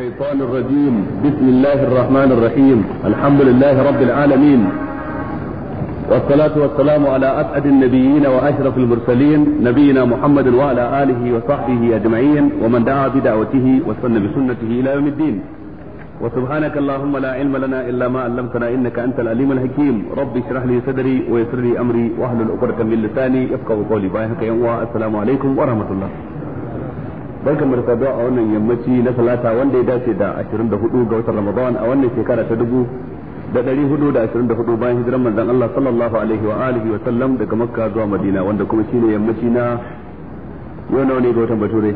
الشيطان الرجيم بسم الله الرحمن الرحيم الحمد لله رب العالمين والصلاة والسلام على أسعد النبيين وأشرف المرسلين نبينا محمد وعلى آله وصحبه أجمعين ومن دعا بدعوته وسن بسنته إلى يوم الدين وسبحانك اللهم لا علم لنا إلا ما علمتنا إنك أنت العليم الحكيم رب اشرح لي صدري ويسر لي أمري واهل الأقرة من لساني يفقه قولي باهك يا السلام عليكم ورحمة الله barka mu da a wannan yammaci na salata wanda ya dace da 24 ga watan Ramadan a wannan shekara ta dubu da ɗari hudu da ashirin da hudu bayan hijiran manzon Allah sallallahu alaihi wa alihi wa sallam daga Makka zuwa Madina wanda kuma shine yammaci na yau nawa ne ga watan Bature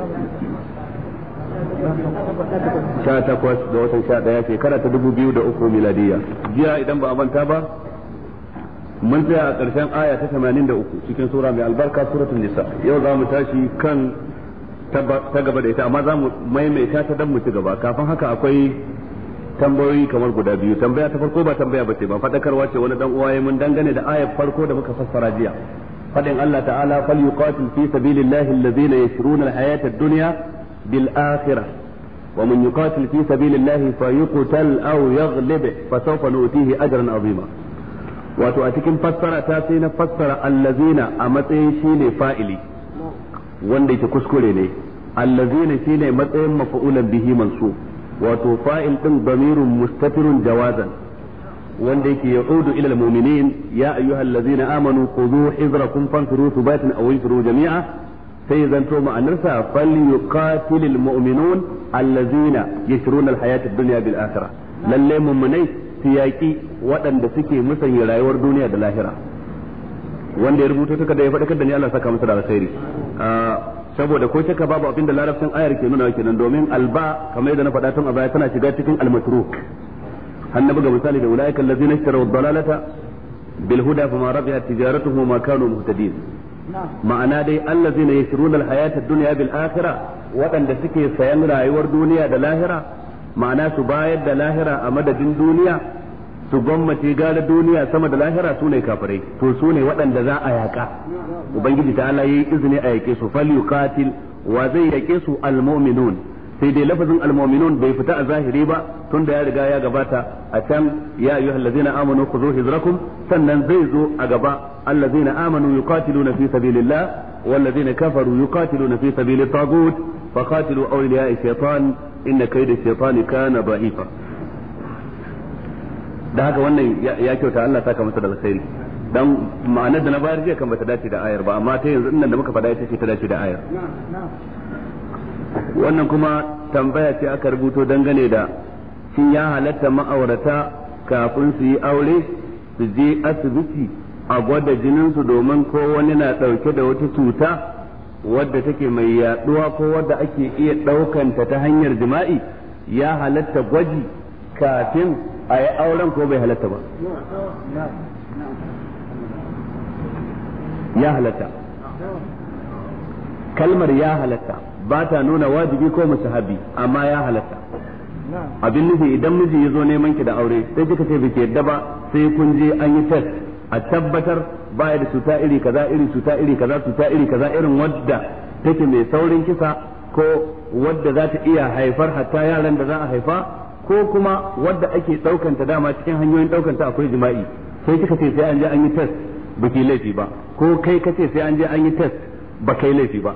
sha takwas da watan sha shekara ta dubu biyu da uku miladiya jiya idan ba a manta ba mun tsaya a ƙarshen aya ta tamanin da uku cikin sura mai albarka suratul nisa yau za mu tashi kan ta gaba da ita amma za mu maimaita ta dan mu ci gaba kafin haka akwai tambayoyi kamar guda biyu tambaya ta farko ba tambaya ba ce ba fadakarwa ce wani dan uwaye mun dangane da ayar farko da muka fassara jiya fadin Allah ta'ala falyuqatil fi sabilillahi alladhina yashruna alhayata ad-dunya bil akhirah wa man yuqatil fi sabilillahi fayuqtal aw yaghlib fasawfa nu'tihi ajran 'azima wato a cikin fassara ta sai na fassara allazina a matsayin shine fa'ili wanda yake kuskure ne allazina shine matsayin mafa'ulan bihi mansub wato fa'il din damirun mustatirun jawazan wanda yake yaudu ila almu'minin ya ayyuhal ladzina amanu khudhu hizrakum fanfiru thubatin aw infiru jami'a sai zanto ma'anarsa falyuqatilil mu'minun allazina yashruna alhayata ad-dunya bil akhirah lalle mu'minai su yaƙi waɗanda suke musanya rayuwar duniya da lahira wanda ya rubuto kada ya faɗakar da ni Allah saka masa da alkhairi ah, saboda ko shakka babu abin da larabcin ayar ke nuna kenan domin alba kamar yadda na faɗa tun a baya tana shiga cikin almatruk har buga misali da ulaiikal ladzina ishtaraw ad-dalalata bil huda fama rabihat tijaratuhum wa ma kanu muhtadin ma'ana dai allazina yashruna al-hayata ad-dunya bil akhirah waɗanda suke sayan rayuwar duniya da lahira ma'ana su bayar da lahira a madadin duniya su gwammace gara duniya sama da lahira su ne kafirai to su ne waɗanda za a yaƙa ubangiji ta Allah yayi izini a yaƙe su fal yuqatil wa zai yaƙe su almu'minun sai dai lafazin almu'minun bai fita a zahiri ba tunda ya riga ya gabata a can ya ayyuhal ladzina amanu khudhu hijrakum sannan zai zo a gaba alladzina amanu yuqatiluna fi sabilillah والذين كفروا يقاتلون في سبيل الطاغوت فقاتلوا أولياء الشيطان إن كيد الشيطان كان ضعيفا da haka wannan ya kyauta Allah saka masa da alkhairi dan ma'anar da na bayar jiya kan bata dace da ayar ba amma ta yanzu nan da muka faɗa ita ce ta dace da ayar wannan kuma tambaya ce aka rubuto dangane da shin ya halatta ma'aurata kafin su yi aure su je asibiti a gwada jinin su domin ko wani na ɗauke da wata cuta wadda take mai yaduwa ko wadda ake iya ɗaukanta ta hanyar jima'i ya halatta gwaji kafin a yi auren ko bai halatta ba ya halatta kalmar ya halatta ba ta nuna wajibi ko musahabi amma ya halatta abin nufi idan miji ya zo neman ki da aure sai kika ce bike da ba sai kun je an yi test a tabbatar baya da cuta iri kaza iri cuta iri kaza cuta iri kaza irin wadda take mai saurin kisa ko wadda za ta iya haifar hatta yaran da za a haifa ko kuma wadda ake ɗaukanta dama cikin hanyoyin ɗaukanta akwai jima'i sai kika ce sai an je an yi test ba laifi ba ko kai ka ce sai an je an yi test ba kai laifi ba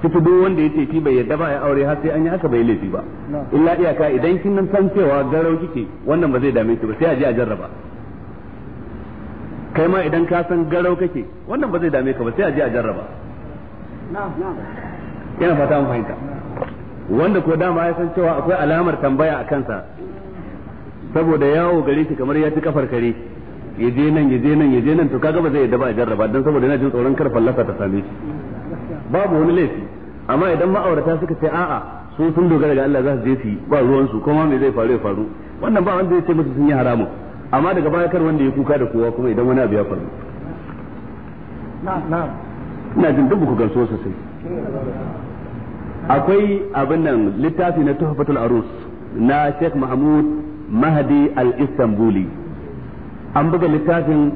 kitu duk wanda ya ce shi bai yadda ba ya aure har sai an yi haka bai laifi ba illa iyaka idan kin nan san cewa garau kike wannan ba zai dame ki ba sai a je a jarraba kai ma idan ka san garau kake wannan ba zai dame ka ba sai a je a jarraba na'am na'am yana fata mun fahimta wanda ko dama ya san cewa akwai alamar tambaya a kansa saboda yawo gare shi kamar ya ci kafar kare ya je nan ya je nan ya je nan to kaga ba zai yadda ba a jarraba dan saboda yana jin tsoron kar fallasa ta same shi babu wani laifi amma idan ma'aurata suka ce a'a su sun dogara ga Allah za su je su ba ruwan su kuma me zai faru ya faru wannan ba wanda zai ce musu sun yi haramu amma daga baya kar wanda ya kuka da kowa kuma idan wani abu ya faru na'am na'am ina jin dubu ku gamsuwa sosai akwai abin nan littafi na tuhfatul arus na Sheikh Mahmud Mahdi al-Istanbuli an buga littafin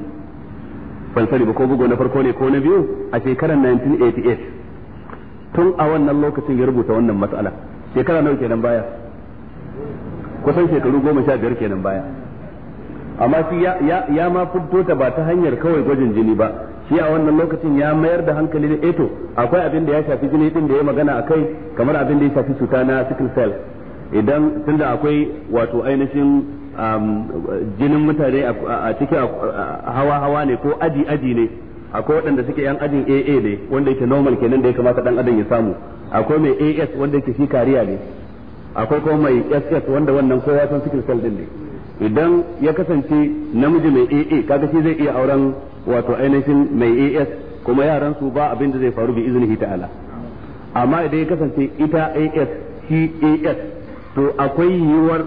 sani ba ko bugo na farko ne ko na biyu a shekarar 1988 tun a wannan lokacin ya rubuta wannan matsala shekara nawa kenan baya kusan shekaru goma sha biyar kenan baya amma shi ya ma fito ta ba ta hanyar kawai gwajin jini ba shi a wannan lokacin ya mayar da hankali da eto eh akwai abin da ya shafi jini din da ya magana akai kamar abin da ya shafi cuta na sickle cell idan tunda akwai wato ainihin um, jinin mutane a cikin hawa hawa ne ko aji aji ne akwai waɗanda suke yan ajin AA ne wanda yake normal kenan da ya kamata dan adam ya samu akwai mai AS wanda yake shi kariya ne akwai kuma mai SS wanda wannan kowa san sickle cell din ne idan ya kasance namiji mai AA kaga shi zai iya auren wato ainihin mai AS kuma yaran su ba abin da zai faru bi iznihi ta'ala amma idan ya kasance ita AS shi AS to akwai yiwuwar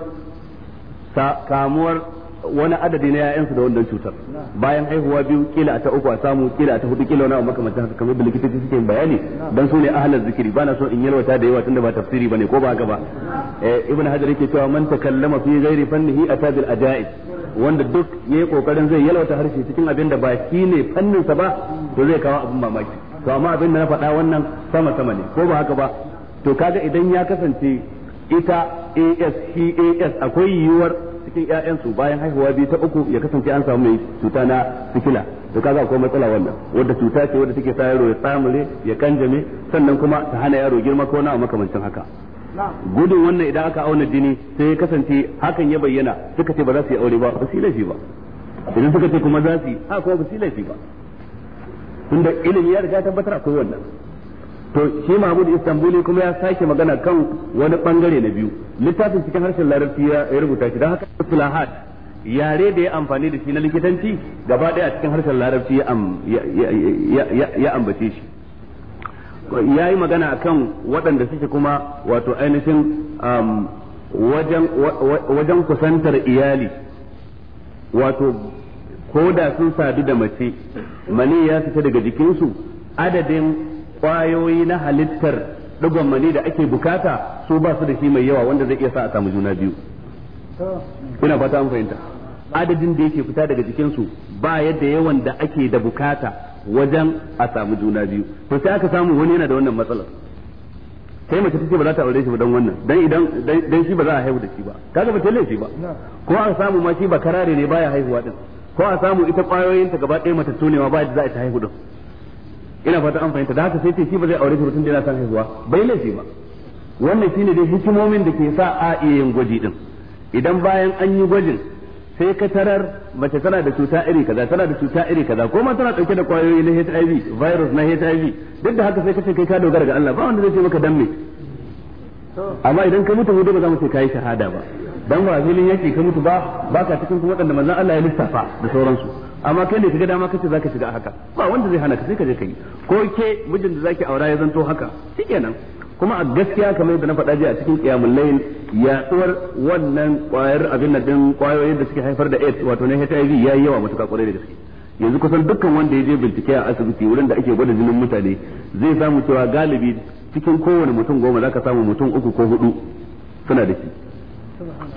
kamuwar wani adadi na yayansu da wannan cutar bayan haihuwa biyu kila a ta uku a samu kila a ta hudu kila wani makamantan haka kamar da likitoci suke bayani dan sune ne zikiri bana so in yalwata da yawa tunda ba tafsiri bane ko ba haka ba eh hajar yake cewa man takallama fi ghairi fannihi atabil ajaib wanda duk yayi kokarin zai yalwata harshe cikin abin da ba shi ne fannin sa ba to zai kawo abin mamaki to amma abin da na faɗa wannan sama sama ne ko ba haka ba to kaga idan ya kasance ita AS as akwai yiwuwar cikin ƴaƴansu bayan haihuwa biyu ta uku ya kasance an samu mai cuta na sikila to kaga akwai matsala wannan wadda cuta ce wadda take sa yaro ya tsamure ya kanjame sannan kuma ta hana yaro girma ko na makamancin haka gudun wannan idan aka auna jini sai ya kasance hakan ya bayyana suka ce ba za su yi aure ba ba su laifi ba idan suka ce kuma za su yi ha kuma ba su laifi ba tunda ilimi ya riga tabbatar kowa wannan to shi Mahmud Istanbuli kuma ya sake magana kan wani bangare na biyu littafin cikin harshen larabci ya rubuta shi don haka sulahat yare da ya amfani da shi na likitanci gaba daya a cikin harshen larabci ya ambace shi ya yi magana akan waɗanda suke kuma wato ainihin um, wajen kusantar iyali wato ko da sun sadu da mace mani ya fita daga jikinsu adadin ƙwayoyi na halittar ɗigon mani da ake bukata su ba su da shi mai yawa wanda zai iya sa a samu juna biyu ina fata an fahimta adadin da yake fita daga jikinsu ba yadda yawan da ake da bukata wajen a samu juna biyu to sai aka samu wani yana da wannan matsalar sai mace take ba za ta aure shi ba dan wannan dan idan dan shi ba za a haihu da shi ba kaga ba ta laifi ba ko a samu ma shi ba karare ne baya haihuwa din ko a samu ita kwayoyin ta gaba ɗaya mata tonewa ba za a ta haihu din ina fata an fahimta da haka sai ce shi ba zai aure shi ba da yana son haihuwa bai laifi ba wannan shine dai hikimomin da ke sa a iya yin gwaji din idan bayan an yi gwajin sai ka tarar mace tana da cuta iri kaza tana da cuta iri kaza ko ma tana dauke da kwayoyi na HIV virus na HIV duk da haka sai ka ce kai ka dogara ga Allah ba wanda zai ce maka dan me amma idan ka mutu hudu ba za mu ce kai shahada ba dan ba filin yaki ka mutu ba ka cikin kuma wadanda manzon Allah ya lissafa da sauransu amma kai ne kaga dama kace zaka shiga haka ba wanda zai hana ka sai ka je kai ko ke mijin da zaki aura ya zanto haka shikenan kuma a gaskiya kamar yadda na faɗa jiya a cikin kiyamul layl yaduwar wannan kwayar abin nan din kwayoyin da suke haifar da AIDS wato na HIV yayi yawa mutaka kwarai da gaske yanzu kusan dukkan wanda ya je bincike a asibiti wurin da ake gwada jinin mutane zai samu cewa galibi cikin kowane mutum goma zaka samu mutum uku ko hudu suna da shi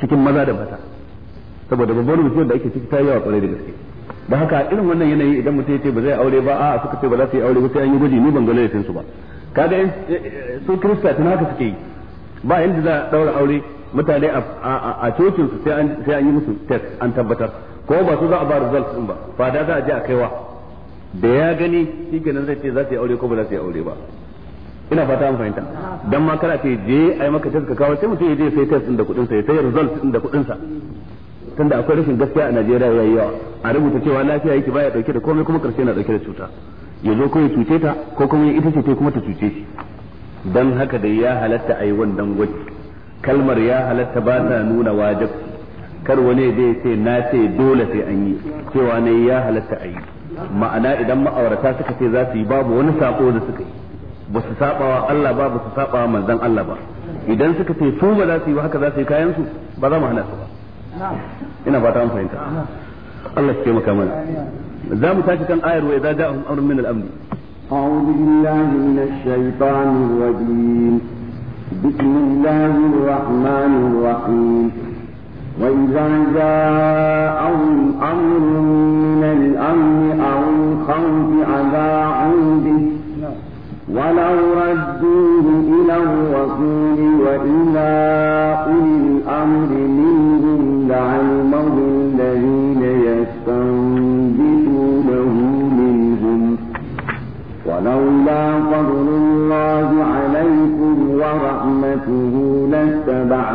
cikin maza da mata saboda babbar mutum da ake ciki ta yawa kwarai da gaske da haka irin wannan yanayi idan mutum ya ce ba zai aure ba a suka ce ba za su yi aure ba sai an yi gwaji ni ban ga laifin su ba kaga eh, su kirista tun haka suke yi ba yanda za a daura aure mutane a cocin su sai an yi musu test an tabbatar ko ba su za a ba results din ba da za a je a kaiwa da ya gani shikenan zai ce za su yi aure ko ba za su yi aure ba ina fata an fahimta dan ma kana ce je ai maka test ka kawo sai mutum ya je sai test din da kudin sa ya sai result din da kudin sa tunda akwai rashin gaskiya a Najeriya yayi yawa a rubuta cewa lafiya yake baya dauke da komai kuma karshe na dauke da cuta ya zo ko ya cuce ta ko kuma ita ce ta kuma ta cuce shi dan haka dai ya halatta a yi wannan gwaji kalmar ya halatta ba ta nuna wajib kar wani zai ce na ce dole sai an yi cewa ne ya halatta a yi ma'ana idan ma'aurata suka ce za su yi babu wani sako da suka yi ba su sabawa Allah ba ba su sabawa manzon Allah ba idan suka ce su ba za su yi ba haka za su yi kayan su ba za mu hana su ba ina fata an fahimta Allah ya taimaka mana ذا mu tashi وإذا ayar أمر من الأمن أعوذ بالله من الشيطان الرجيم بسم الله الرحمن الرحيم وإذا جاء أمر من الأمن أو الخوف أذاعوا به ولو ردوه إلى الرسول رحمته cewa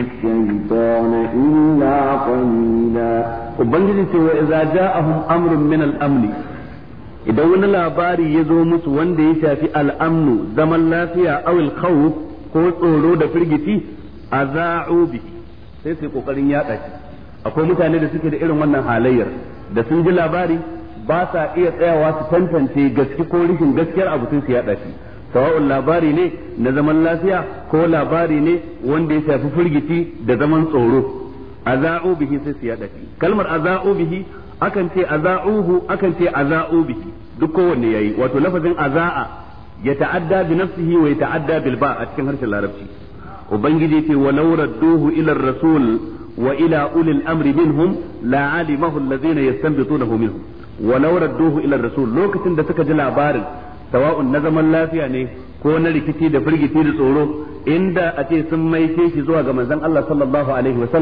الشيطان إلا قليلا وبنجد وإذا idan wani labari ya zo musu wanda ya shafi al'amnu zaman lafiya awil khawf ko tsoro da firgici a za'u bihi sai su yaɗa shi akwai mutane da suke da irin wannan halayyar da sun ji labari ba sa iya tsayawa su tantance gaske ko rishin gaskiyar abu sun su yaɗa sawa'un labari ne na zaman lafiya ko labari ne wanda ya shafi firgiti da zaman tsoro aza'u bihi sai su yada shi kalmar aza'u bihi akan ce aza'uhu akan ce aza'u bihi duk kowanne yayi wato lafazin aza'a ya ta'adda bi nafsihi wa ya ta'adda bil ba a cikin harshen larabci ubangiji ce walau radduhu ila rasul wa ila ulil amri minhum la alimahu allazina yastanbitunahu minhum walau radduhu ila rasul lokacin da suka ji labarin sawa'un na zaman lafiya ne ko na rikici da firgici da tsoro inda a ce sun maishe shi zuwa ga manzon Allah sallallahu alaihi wa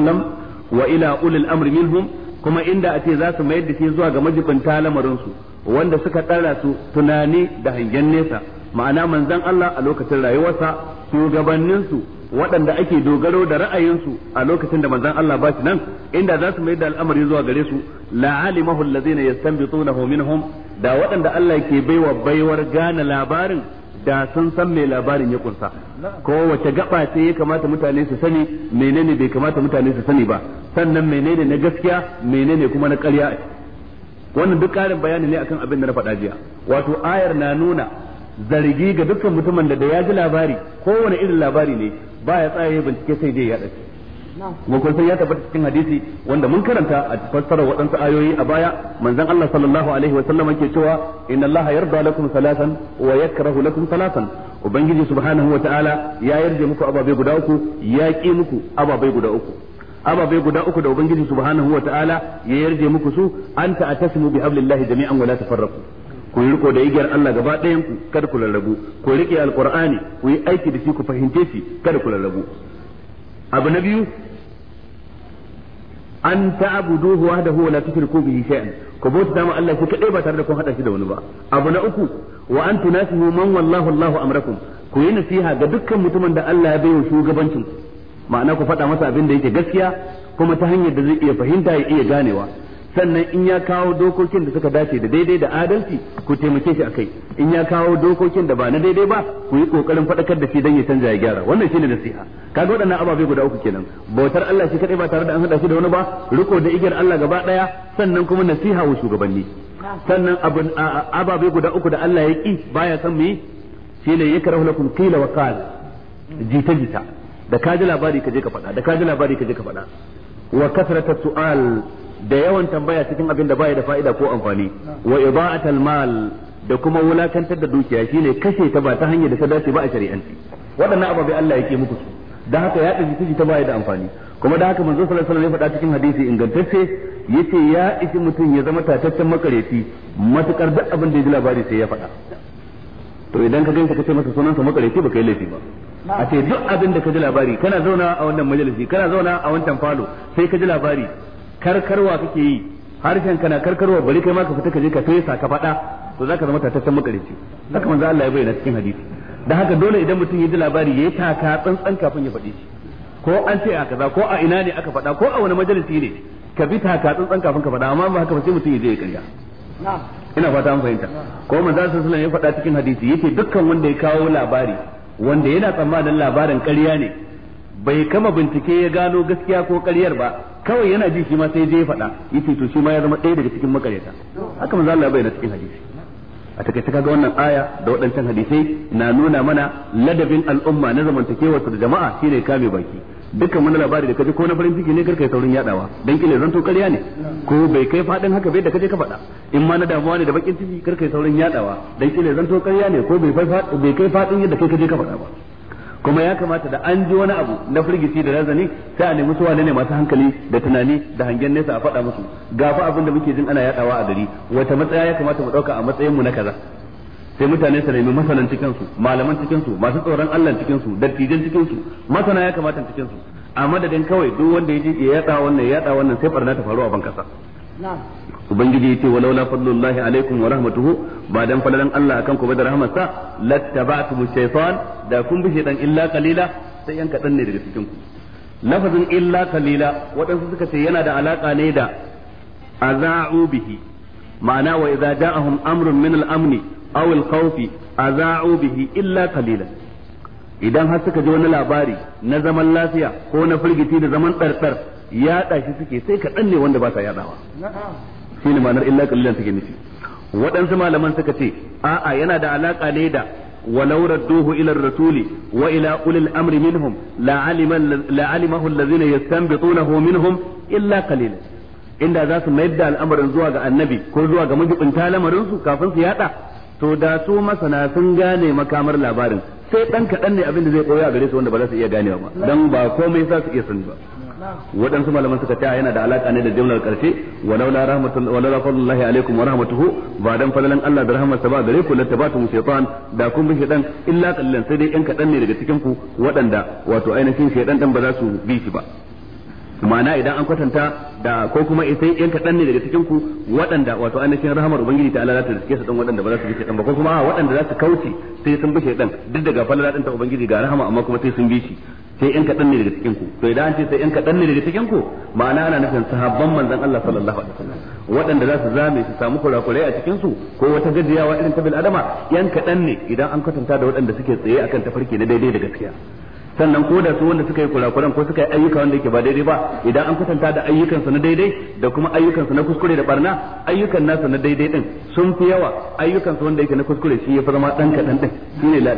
wa ila ulil amri minhum kuma inda a ce za su mayar da shi zuwa ga majibinta lamarin su wanda suka tsara su tunani da hangen nesa ma'ana manzon Allah a lokacin rayuwarsa shugabannin su waɗanda ake dogaro da ra'ayinsu a lokacin da manzon Allah ba shi nan inda za su mai da al'amari zuwa gare su la alimahu allazina yastanbitunahu minhum da waɗanda Allah ke baiwa baiwar gane labarin da sun san mai labarin ya kunsa ko wace gaba ce ya kamata mutane su sani menene bai kamata mutane su sani ba sannan menene na gaskiya menene kuma na ƙarya wannan duk ƙarin bayani ne akan abin da na faɗa jiya wato ayar na nuna zargi ga dukkan mutumin da da ya ji labari kowane irin labari ne baya ya bincike sai dai ya ɗauki kuma kun san ya tabbata cikin hadisi wanda mun karanta a fassarar waɗansu ayoyi a baya manzon Allah sallallahu alaihi wa sallam yake cewa inna Allah yarda lakum salatan wa yakrahu lakum salatan ubangiji subhanahu wa ta'ala ya yarda muku ababe guda uku ya ki muku ababe guda uku ababe guda uku da ubangiji subhanahu wa ta'ala ya yarda muku su anta atasmu bi hablillahi jami'an wa la tafarraqu ku yi riko da igiyar Allah gaba ɗayan ku kada ku rarrabu ku rike alqur'ani ku yi aiki da shi ku fahimce shi kada ku rarrabu abu na biyu an ta'buduhu wahdahu wa la tushriku bihi shay'an ku bauta ma Allah ku kadai ba tare da kun hada shi da wani ba abu na uku wa an tunasihu man wallahu Allahu amrakum ku yi nasiha ga dukkan mutumin da Allah ya bayyana shugabancin ma'ana ku faɗa masa abin da yake gaskiya kuma ta hanyar da zai iya fahimta ya iya ganewa sannan in ya kawo dokokin da suka dace da daidai da adalci ku taimake shi akai in ya kawo dokokin da ba na daidai ba ku yi kokarin fadakar da shi dan ya canza ya gyara wannan shine nasiha kaga waɗannan ababe guda uku kenan bautar Allah shi kadai ba tare da an hada shi da wani ba riko da igiyar Allah gaba daya sannan kuma nasiha wa shugabanni sannan abun ababe guda uku da Allah ya ki baya san mu yi shine yakrahu lakum qila wa qala jita jita da kaji labari kaje ka faɗa da kaji labari kaje ka faɗa wa kasratu su'al da yawan tambaya cikin abin da baya da fa'ida ko amfani wa ida'atul mal da kuma wulakantar da dukiya shine kashe ta ba ta hanyar da ta dace ba a shari'anci waɗannan ababe Allah yake muku su da haka ya dace shi ta baya da amfani kuma da haka manzo sallallahu alaihi wasallam ya faɗa cikin hadisi ingantacce yace ya ishi mutum ya zama tataccen makareci matukar duk abin da ya ji labari sai ya faɗa to idan ka ganka kace masa sunansa makareci baka yi laifi ba a ce duk abin da ka ji labari kana zauna a wannan majalisi kana zauna a wancan falo sai ka ji labari karkarwa kake yi harshen kana karkarwa bari kai ma ka fita ka je ka fesa ka faɗa to zaka zama tatattan makarici haka manzo Allah ya bayyana cikin hadisi da haka dole idan mutum ya ji labari ya taka tsantsan kafin ya faɗi shi ko an ce a kaza ko a ina ne aka faɗa ko a wani majalisi ne ka bi taka tsantsan kafin ka faɗa amma ba haka ba sai mutum ya je ya kanga ina fata an fahimta ko manzo sallallahu alaihi ya faɗa cikin hadisi yake dukkan wanda ya kawo labari wanda yana tsammanin labarin ƙarya ne bai kama bincike ya gano gaskiya ko ƙaryar ba kawai yana ji shi ma sai je faɗa yace to shi ma ya zama ɗaya daga cikin makaryata haka manzo Allah bayyana cikin hadisi a takaice kaga wannan aya da waɗancan hadisai na nuna mana ladabin al'umma na zamantakewar da jama'a shine kame baki dukkan wani labari da kaji ko na farin ciki ne karka saurin yadawa dan kile zanto ƙarya ne ko bai kai fadin haka bai da kaje ka faɗa in ma na damuwa ne da bakin ciki karka saurin yadawa dan kile zanto ƙarya ne ko bai kai fadin yadda kai kaje ka faɗa ba kuma ya kamata da an ji wani abu na firgici da razani sai a nemi su wane ne masu hankali da tunani da hangen nesa a faɗa musu gafa abin da muke jin ana yadawa a gari wata matsaya ya kamata mu ɗauka a matsayinmu na kaza sai mutane su nemi masanan cikin su malaman cikin su masu tsoron Allah cikin su dattijan cikin su masana ya kamata cikin su a madadin kawai duk wanda ya je ya yada wannan ya yada wannan sai barna ta faru a bankasa na'am ubangiji yace walaula fadlullahi alaikum wa rahmatuhu ba dan falalan Allah akan ku ba da rahmatsa lattaba'tum shaytan da kun bi shaytan illa qalila sai yan kadan ne daga cikin ku lafazin illa qalila wadansu suka ce yana da alaka ne da aza'u bihi ma'ana wa idza ja'ahum amrun min al-amni aw al-khawfi aza'u bihi illa qalila idan har suka ji wani labari na zaman lafiya ko na firgiti da zaman tsartsar ya ɗashi suke sai kaɗan ne wanda ba sa yaɗawa shine ma'anar illa qalilan take nufi waɗansu malaman suka ce a'a yana da alaka ne da rasuli wa ila ulil amri minhum la منهم la alimahu الذين yastanbitunahu minhum illa qalilan inda za su mayar da al'amarin zuwa ga annabi ko zuwa ga majibinta lamarinsu kafin su yada to da su masana sun gane makamar labarin sai dan kaɗan ne abin da zai koya gare su wanda ba za su iya ganewa ba don ba komai za su iya sani ba waɗansu malaman suka ta yana da alaka ne da jumlar karshe walaula rahmatul walaula fadlullahi alaikum wa rahmatuhu ba dan fadlan Allah da rahmatsa ba gare ku tabatu shaytan da kun bi shaytan illa kallan sai dai yan kaɗan ne daga cikin ku waɗanda wato ainihin shaytan dan ba za su bi shi ba ma'ana idan an kwatanta da ko kuma isai yan kaɗan ne daga cikin ku waɗanda wato ainihin rahamar ubangiji ta Allah za ta riske su dan waɗanda ba za su bi shaidan ba ko kuma waɗanda za su kauce sai sun bi shaidan duk daga falala ɗin ta ubangiji ga rahama amma kuma sai sun bi shi sai yan kaɗan ne daga cikin ku to idan an ce sai yan kaɗan ne daga cikin ku ma'ana ana nufin sahabban manzon Allah sallallahu alaihi wasallam waɗanda za su zame su samu kurakurai a cikin su ko wata gajiyawa irin ta bil adama yan kaɗan ne idan an kwatanta da waɗanda suke tsaye akan tafarki na daidai da gaskiya sannan ko da su wanda suka yi kurakuran ko suka yi ayyuka wanda yake ba daidai ba idan an kusanta da ayyukansu na daidai da kuma ayyukansu na kuskure da barna ayyukan nasu na daidai din sun fi yawa ayyukansu wanda yake na kuskure shi ya fi zama dan kadan din shine la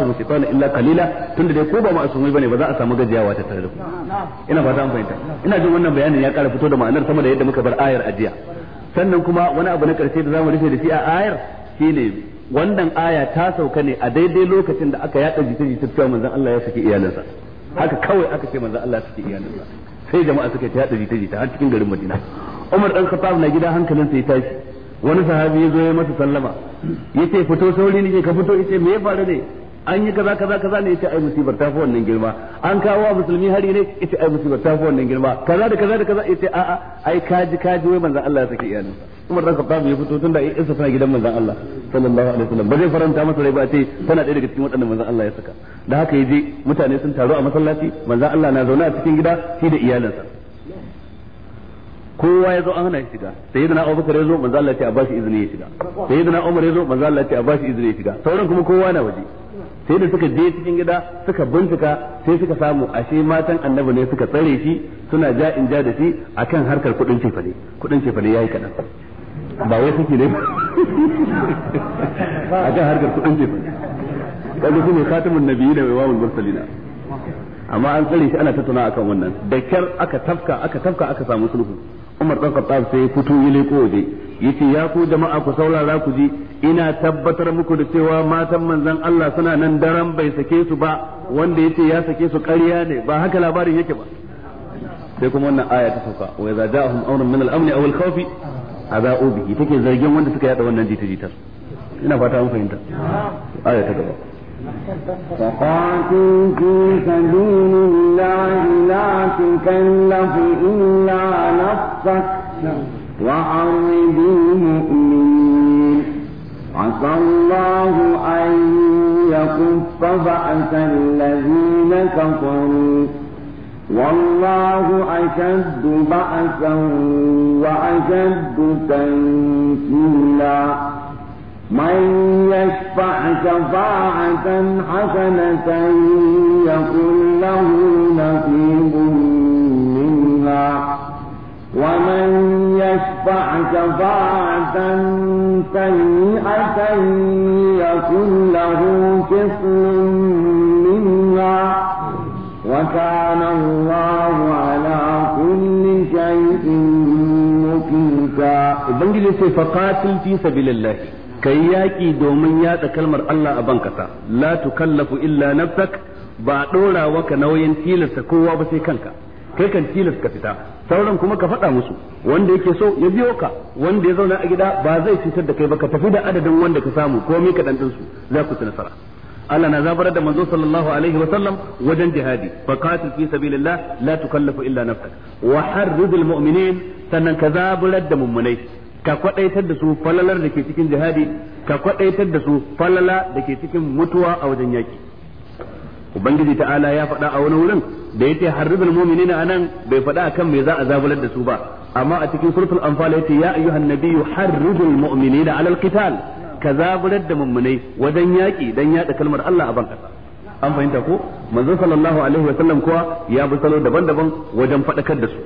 mu musifana illa qalila tunda dai ko ba ma'asumai bane ba za a samu gajiyawa ta tare ina ba an fahimta ina jin wannan bayanin ya kara fito da ma'anar sama da yadda muka bar ayar ajiya sannan kuma wani abu na karshe da zamu rufe da shi a ayar shine wannan aya ta sauka ne a daidai lokacin da aka yada jita jita cewa manzon Allah ya saki iyalansa haka kawai aka ce manzon Allah ya saki iyalansa sai jama'a suka ta yada jita jita har cikin garin Madina Umar dan Khattab na gida hankalinsa ya tashi wani sahabi ya zo ya masa sallama yace fito sauri nake ka fito yace me ya faru ne an yi kaza kaza kaza ne yace ai musibar ta fi wannan girma an kawo wa musulmi hari ne yace ai musibar ta fi wannan girma kaza da kaza da kaza yace a'a ai kaji kaji wai manzon Allah ya saki iyalinsa Umar dan Khattab ya fito tunda ai isa tana gidan manzon Allah sallallahu alaihi wasallam ba zai faranta masa rai ba ce tana ɗaya daga cikin waɗannan manzon Allah ya saka da haka yaje mutane sun taru a masallaci manzon Allah na zaune a cikin gida shi da iyalinsa kowa ya zo an hana shi shiga sayyidina Bakar ya zo manzon Allah ya ce a bashi izini ya shiga sayyidina Umar ya zo manzon Allah ya ce a bashi izini ya shiga sauran kuma kowa na waje sai da suka je cikin gida suka bincika sai suka samu ashe matan annabi ne suka tsare shi suna ja in ja da shi akan harkar kudin cefale kudin cefale yayi kadan ba wai suke ne akan harkar kudin cefane kaga shine khatamun nabiyina wa imamul mursalina amma an tsare shi ana tattauna akan wannan da kyar aka tafka aka tafka aka samu sulhu Umar dan Khattab sai ya fito ya leko waje yace ya ku jama'a ku saurara ku ji ina tabbatar muku da cewa matan manzon Allah suna nan daren bai sake su ba wanda yace ya sake su ƙarya ne ba haka labarin yake ba sai kuma wannan aya ta sauka wa idza ja'ahum amrun min al-amn aw al-khawf azau bihi take zargin wanda suka yada wannan jita-jitar ina fata an fahimta aya ta gaba فقاتل في سبيل الله لا تكلف إلا نفسك وأرضوا مؤمنين عسى الله أن يكف بأس الذين كفروا والله أشد بأسا وأشد تنكيلا من يشفع شفاعة حسنة يكن له نصيب منها ومن يشفع شفاعة سيئة يكن له كفل منها وكان الله على كل شيء مقيتا بنجلس فقاتل في سبيل الله kai yaƙi domin yatsa kalmar Allah a bankasa la tukallafu illa nafsak ba ɗora waka nauyin tilasta kowa ba sai kanka kai kan tilas fita sauran kuma ka faɗa musu wanda yake so ya biyo ka wanda ya zauna a gida ba zai cutar da kai ba ka tafi da adadin wanda ka samu komai ka su za ku ci nasara Allah na zabarar da manzo sallallahu alaihi wa sallam wajen jihadi fa qatil fi sabilillah la tukallafu illa nafsak wa harridul mu'minin sannan ka zabarar da mummunai ka kwadaitar da su falalar da ke cikin jihadi ka kwadaitar da su falala da ke cikin mutuwa a wajen yaki ubangiji ta'ala ya faɗa a wani wurin da yace harribul mu'minina anan bai faɗa akan me za a zabular da su ba amma a cikin suratul anfal yace ya ayyuhan nabiyyu harribul mu'minina alal qital ka zaburar da mummunai wajen yaki dan yaɗa kalmar Allah a ban an fahimta ko manzon sallallahu alaihi wa sallam kuwa ya bi salo daban-daban wajen faɗakar da su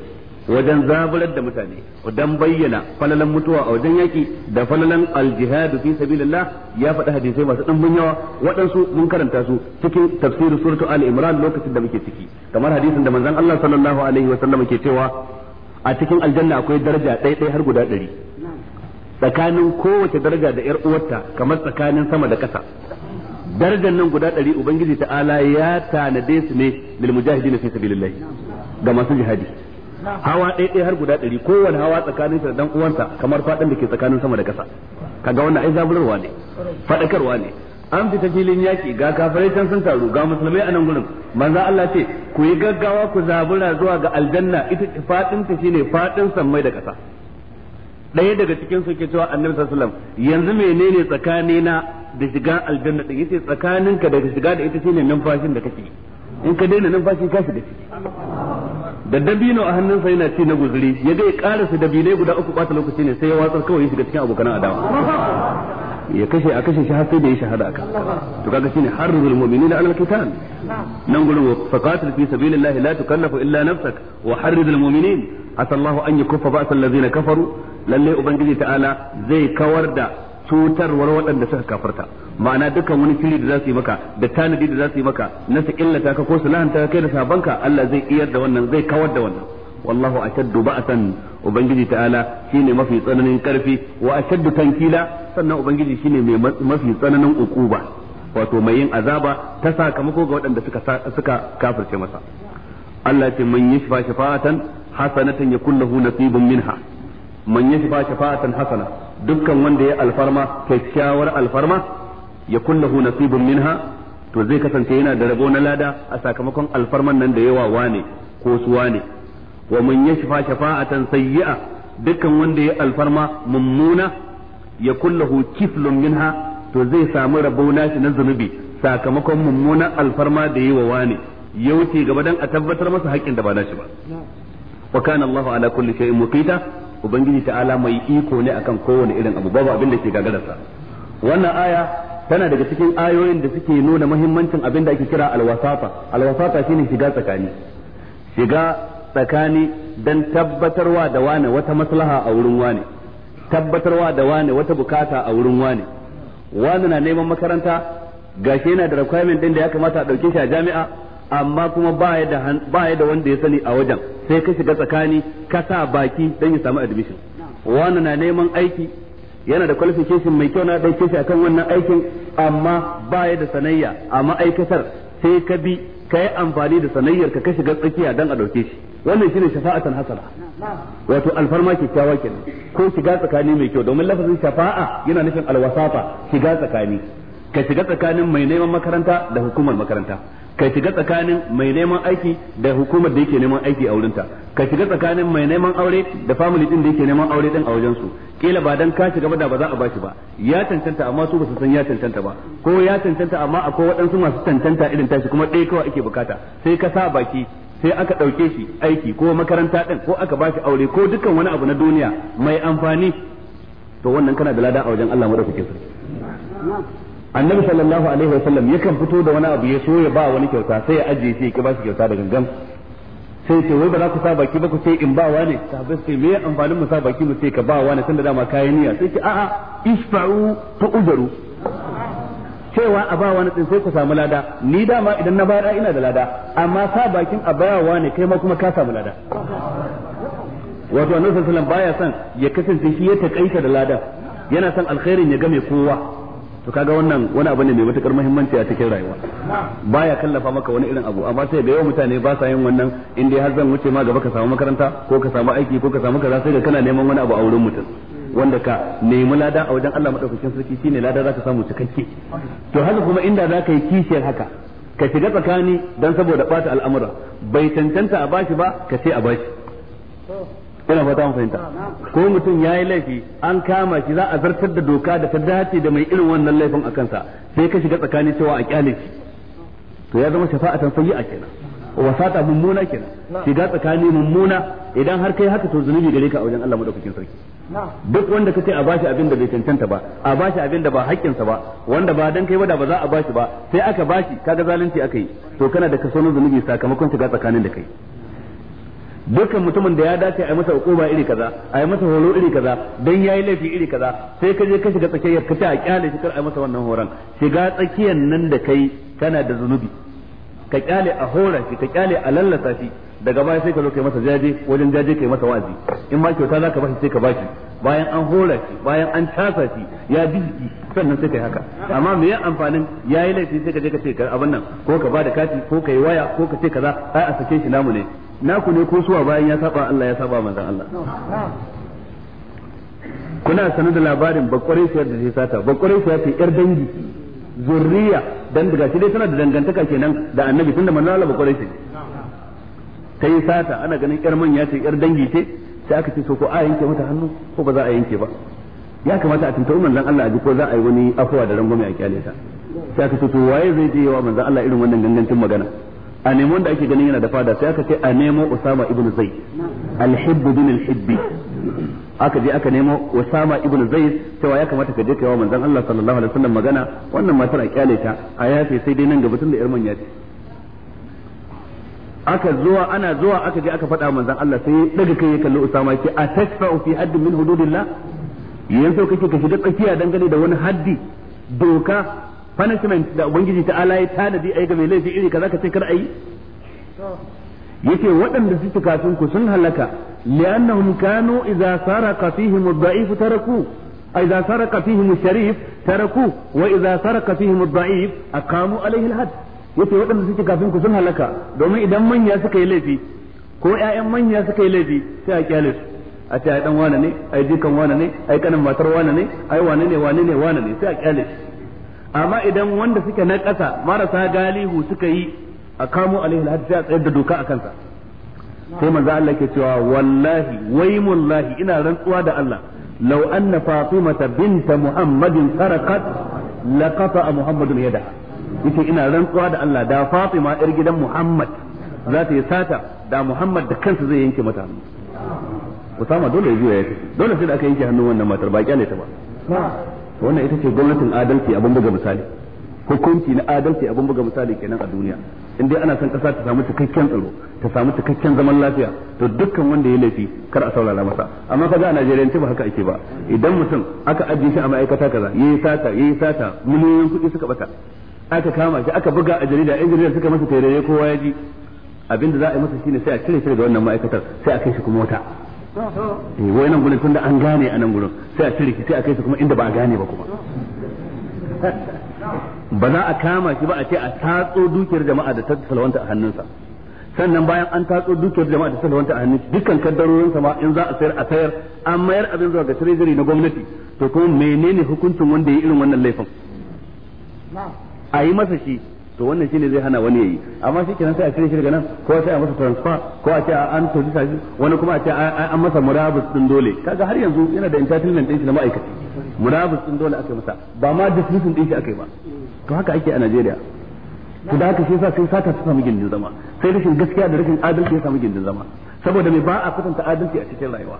wajen zaburar da mutane dan bayyana falalan mutuwa a wajen yaki da falalan aljihadu fi sabilillah ya faɗi hadisai masu ɗan yawa waɗansu mun karanta su cikin tafsirin suratu Ali imran lokacin da muke ciki kamar hadisin da manzon Allah sallallahu alaihi wa sallam ke cewa a cikin aljanna akwai daraja ɗaya ɗaya har guda ɗari tsakanin kowace daraja da ƴar uwarta kamar tsakanin sama da ƙasa darajar nan guda ɗari ubangiji ta'ala ya tanade su ne lil mujahidin fi sabilillah ga masu jihadi hawa ɗaya ɗaya har guda ɗari kowane hawa tsakanin sa da dan uwansa kamar faɗin da ke tsakanin sama da ƙasa kaga wannan ai zaburarwa ne faɗakarwa ne an fita filin yaƙi ga kafirai can sun taru ga musulmai a nan gurin manzo Allah ce ku yi gaggawa ku zabura zuwa ga aljanna ita faɗin ta shine faɗin sammai da ƙasa ɗaya daga cikin su ke cewa annabi sallallahu alaihi yanzu menene tsakanina da shiga aljanna din yace tsakaninka da shiga da ita shine numfashin da kake in ka daina numfashi ka shiga ciki da dabino a hannunsa yana ci na guzuri ya ga ya karasa dabinai guda uku bata lokaci ne sai ya watsar kawai ya shiga cikin abokan adawa ya kashe a kashe shi har sai da ya shahada aka to kaga shine harrul mu'minina alal qital nan gurin faqatil fi sabilillahi la tukallafu illa nafsak wa harrul mu'minin asallahu an yakuffa ba'sal ladzina kafaru lalle ubangiji ta'ala zai kawar da cutarwar waɗanda suka kafarta ma'ana dukkan wani fili da za su yi maka da tanadi da za su yi maka na su illata ka ko su lahanta kai da sabanka Allah zai iyar da wannan zai kawar da wannan wallahu ashaddu ba'san ubangiji ta'ala shine mafi tsananin karfi wa ashaddu tankila sannan ubangiji shine mai mafi tsananin ukuba wato mai yin azaba ta sakamako ga waɗanda suka suka kafirce masa Allah ya ce man yashfa shafa'atan hasanatan yakun lahu nasibun minha man yashfa shafa'atan hasana dukkan wanda ya alfarma kyakkyawar alfarma ya kullahu nasibun minha to zai kasance yana da rabo na lada a sakamakon alfarman nan da yawa wane ko su wane wa man yashfa shafa'atan sayyi'a dukkan wanda ya alfarma mummuna ya kullahu kiflun minha to zai samu rabo nashi na zunubi sakamakon Mummuna alfarma da yawa wane ya wuce gaba dan a tabbatar masa haƙƙin da ba nashi ba wa kana Allahu ala kulli shay'in muqita ubangiji ta'ala mai iko ne akan kowane irin abu babu abin da ke gagararsa wannan aya tana daga cikin ayoyin da suke nuna muhimmancin abin da ake kira alwasafa alwasafa shine shiga tsakani shiga tsakani dan tabbatarwa da wane wata maslaha a wurin wane tabbatarwa da wane wata bukata a wurin wane wane na neman makaranta gashi yana da requirement din da ya kamata a dauke shi a jami'a amma kuma baya da da wanda ya sani a wajen sai ka shiga tsakani ka sa baki don ya samu admission wani na neman aiki yana da qualification mai kyau na dauke kishi akan wannan aikin amma ba ya da sanayya a ma'aikatar sai ka bi ka yi amfani da sanayyar ka shiga tsakiya don a dauke shi wannan shine shafa'atan hasana wato alfarma kyakkyawa kenan ko shiga tsakani mai kyau domin lafazin shafa'a yana nufin alwasafa shiga tsakani ka shiga tsakanin mai neman makaranta da hukumar makaranta ka shiga tsakanin mai neman aiki da hukumar da yake neman aiki a wurinta ka shiga tsakanin mai neman aure da family din da yake neman aure din a wajen su kila ba dan ka shiga ba da ba za a bashi ba ya tantanta amma su ba su san ya tantanta ba ko ya tantanta amma akwai waɗansu masu tantanta irin tashi kuma ɗaya kawai ake bukata sai ka sa baki sai aka ɗauke shi aiki ko makaranta ɗin ko aka bashi aure ko dukkan wani abu na duniya mai amfani to wannan kana da lada a wajen Allah madaukakin sarki annabi sallallahu alaihi wasallam yakan fito da wani abu ya so ya ba wani kyauta sai ya ajiye sai ya ki ba shi kyauta da gangan sai ce wai ba za ku sa baki ba ku ce in ba wani sahabbai sai me amfanin mu sa baki mu sai ka ba wani tunda dama kayi niyya sai ce a'a isfa'u fa ujaru cewa a ba wani din sai ku samu lada ni dama idan na bayar ina da lada amma sa bakin a bayawa ne kai ma kuma ka samu lada wato annabi sallallahu alaihi wasallam baya son ya kasance shi ya takaita da ladan yana son alkhairin ya game kowa to kaga wannan wani abu ne mai matukar muhimmanci a cikin rayuwa baya kallafa maka wani irin abu amma sai da yawan mutane ba sa yin wannan in dai har zan wuce ma gaba ka samu makaranta ko ka samu aiki ko ka samu kaza sai da kana neman wani abu a wurin mutum wanda ka nemi lada a wajen Allah madaukakin sarki shine lada zaka samu cikakke to haka kuma inda zaka yi kishiyar haka ka shiga tsakani dan saboda bata al'amura bai tantanta a bashi ba ka ce a bashi ina fata mu fahimta ko mutum ya yi laifi an kama shi za a zartar da doka da ta dace da mai irin wannan laifin a kansa sai ka shiga tsakanin cewa a kyale shi to ya zama shafa'atan a kenan wasata mummuna kenan shiga tsakani mummuna idan har kai haka to zunubi gare ka a wajen Allah madaukakin sarki duk wanda kace a bashi abin da bai cancanta ba a bashi abin da ba haƙƙinsa ba wanda ba dan kai ba da ba za a bashi ba sai aka bashi kaga zalunci aka to kana da kaso na zunubi sakamakon shiga tsakanin da kai dukkan mutumin da ya dace a yi masa hukuma iri kaza a yi masa horo iri kaza dan yayi laifi iri kaza sai ka je ka shiga tsakiyar ka ce a kyale shi kar a yi masa wannan horon shiga tsakiyar nan da kai kana da zunubi ka kyale a hora shi ka kyale a lallata shi daga baya sai ka zo kai masa jaje wajen jaje kai masa wazi in ma kyauta zaka bashi sai ka shi bayan an hora shi bayan an tasa shi ya jijji sannan sai kai haka amma me ya amfanin yayi laifi sai ka je ka ce abin nan ko ka ba da kati ko kai waya ko ka ce kaza ai a sake shi namu ne naku ne ko suwa bayan ya saba Allah ya saba manzon Allah kuna sanu da labarin bakware siyar da zai sata bakware siyar ce yar dangi zurriya dan daga shi dai tana da dangantaka kenan da annabi tunda manzon Allah siyar Ta yi sata ana ganin yar manya ce yar dangi ce sai aka ce so ko a yanke mata hannu ko ba za a yanke ba ya kamata a tuntuɓi manzon Allah a ji ko za a yi wani afuwa da rangwame a kyale ta sai aka ce to waye zai je yawa manzon Allah irin wannan gangancin magana a nemo da ake ganin yana da fada sai aka ce a nemo Usama ibn Zaid al-hibb bin al-hibbi aka je aka nemo Usama ibn Zaid cewa ya kamata ka je kai wa manzon Allah sallallahu alaihi wasallam magana wannan matar a kyale ta a yafe sai dai nan gaba tun da yar manya ce aka zuwa ana zuwa aka je aka faɗa manzon Allah sai daga kai ya kalli Usama ce a tasfa'u fi haddin min hududillah yanzu kake ka shiga tsakiya dangane da wani haddi doka punishment da ubangiji ta ala ya tanadi ai ga mai laifi iri kaza ka ce kar ayi yake waɗanda suke kafin ku sun halaka li'annahum kanu idza fihim ad-da'if taraku idza fihim sharif taraku wa idza saraka fihim ad-da'if aqamu alayhi al-had waɗanda ku sun halaka domin idan manya suka yi laifi ko ƴaƴan manya suka yi laifi sai a kyale su a ce ai dan wane ne ai wane ne ai kanin matar wane ne ai wane ne wane ne wane ne sai a kyale su amma idan wanda suke na ƙasa marasa galihu suka yi a kamo alaihi alhaji sai a tsayar da doka a kansa sai manzo Allah ke cewa wallahi waimullahi ina rantsuwa da Allah law anna fatimata binta muhammadin sarakat laqata muhammadun yadaha yace ina rantsuwa da Allah da fatima yar gidan muhammad za ta yi sata da muhammad da kansa zai yanke mata hannu usama dole ya juya ya tafi dole sai da aka yanke hannun wannan matar ba kyale ta ba wannan ita ce gwamnatin adalci abin buga misali hukunci na adalci abin buga misali kenan a duniya in dai ana son kasa ta samu cikakken tsaro ta samu cikakken zaman lafiya to dukkan wanda ya laifi kar a saurara masa amma kaga a Najeriya ba haka ake ba idan mutum aka ajiye shi a ma'aikata kaza yayi sata yayi sata miliyoyin kuɗi suka bata aka kama shi aka buga a jarida yan jarida suka masa tarere kowa ya ji abinda za a yi masa shine sai a cire shi daga wannan ma'aikatar sai a kai shi kuma wata eh wai nan gurin tunda an gane a nan gurin sai a cire sai a kai su kuma inda ba a gane ba kuma ba za a kama shi ba a ce a tatso dukiyar jama'a da ta salwanta a hannunsa sannan bayan an tatso dukiyar jama'a da ta salwanta a hannunsa dukkan kaddarorinsa ma in za a sayar a sayar an mayar abin zuwa ga treasury na gwamnati to kuma menene hukuncin wanda ya irin wannan laifin a yi masa shi to wannan shine zai hana wani yayi amma shi kenan sai a cire shi daga nan ko sai a masa transfer ko a ce an sa shi wani kuma a ce an masa murabus din dole kaga har yanzu yana da entertainment din shi na ma'aikata murabus din dole aka masa ba ma dismissal din shi aka yi ba to haka ake a Najeriya to da haka shi yasa sai sata ta samu gindin zama sai rashin gaskiya da rashin adalci ya samu gindin zama saboda me ba a kusanta adalci a cikin rayuwa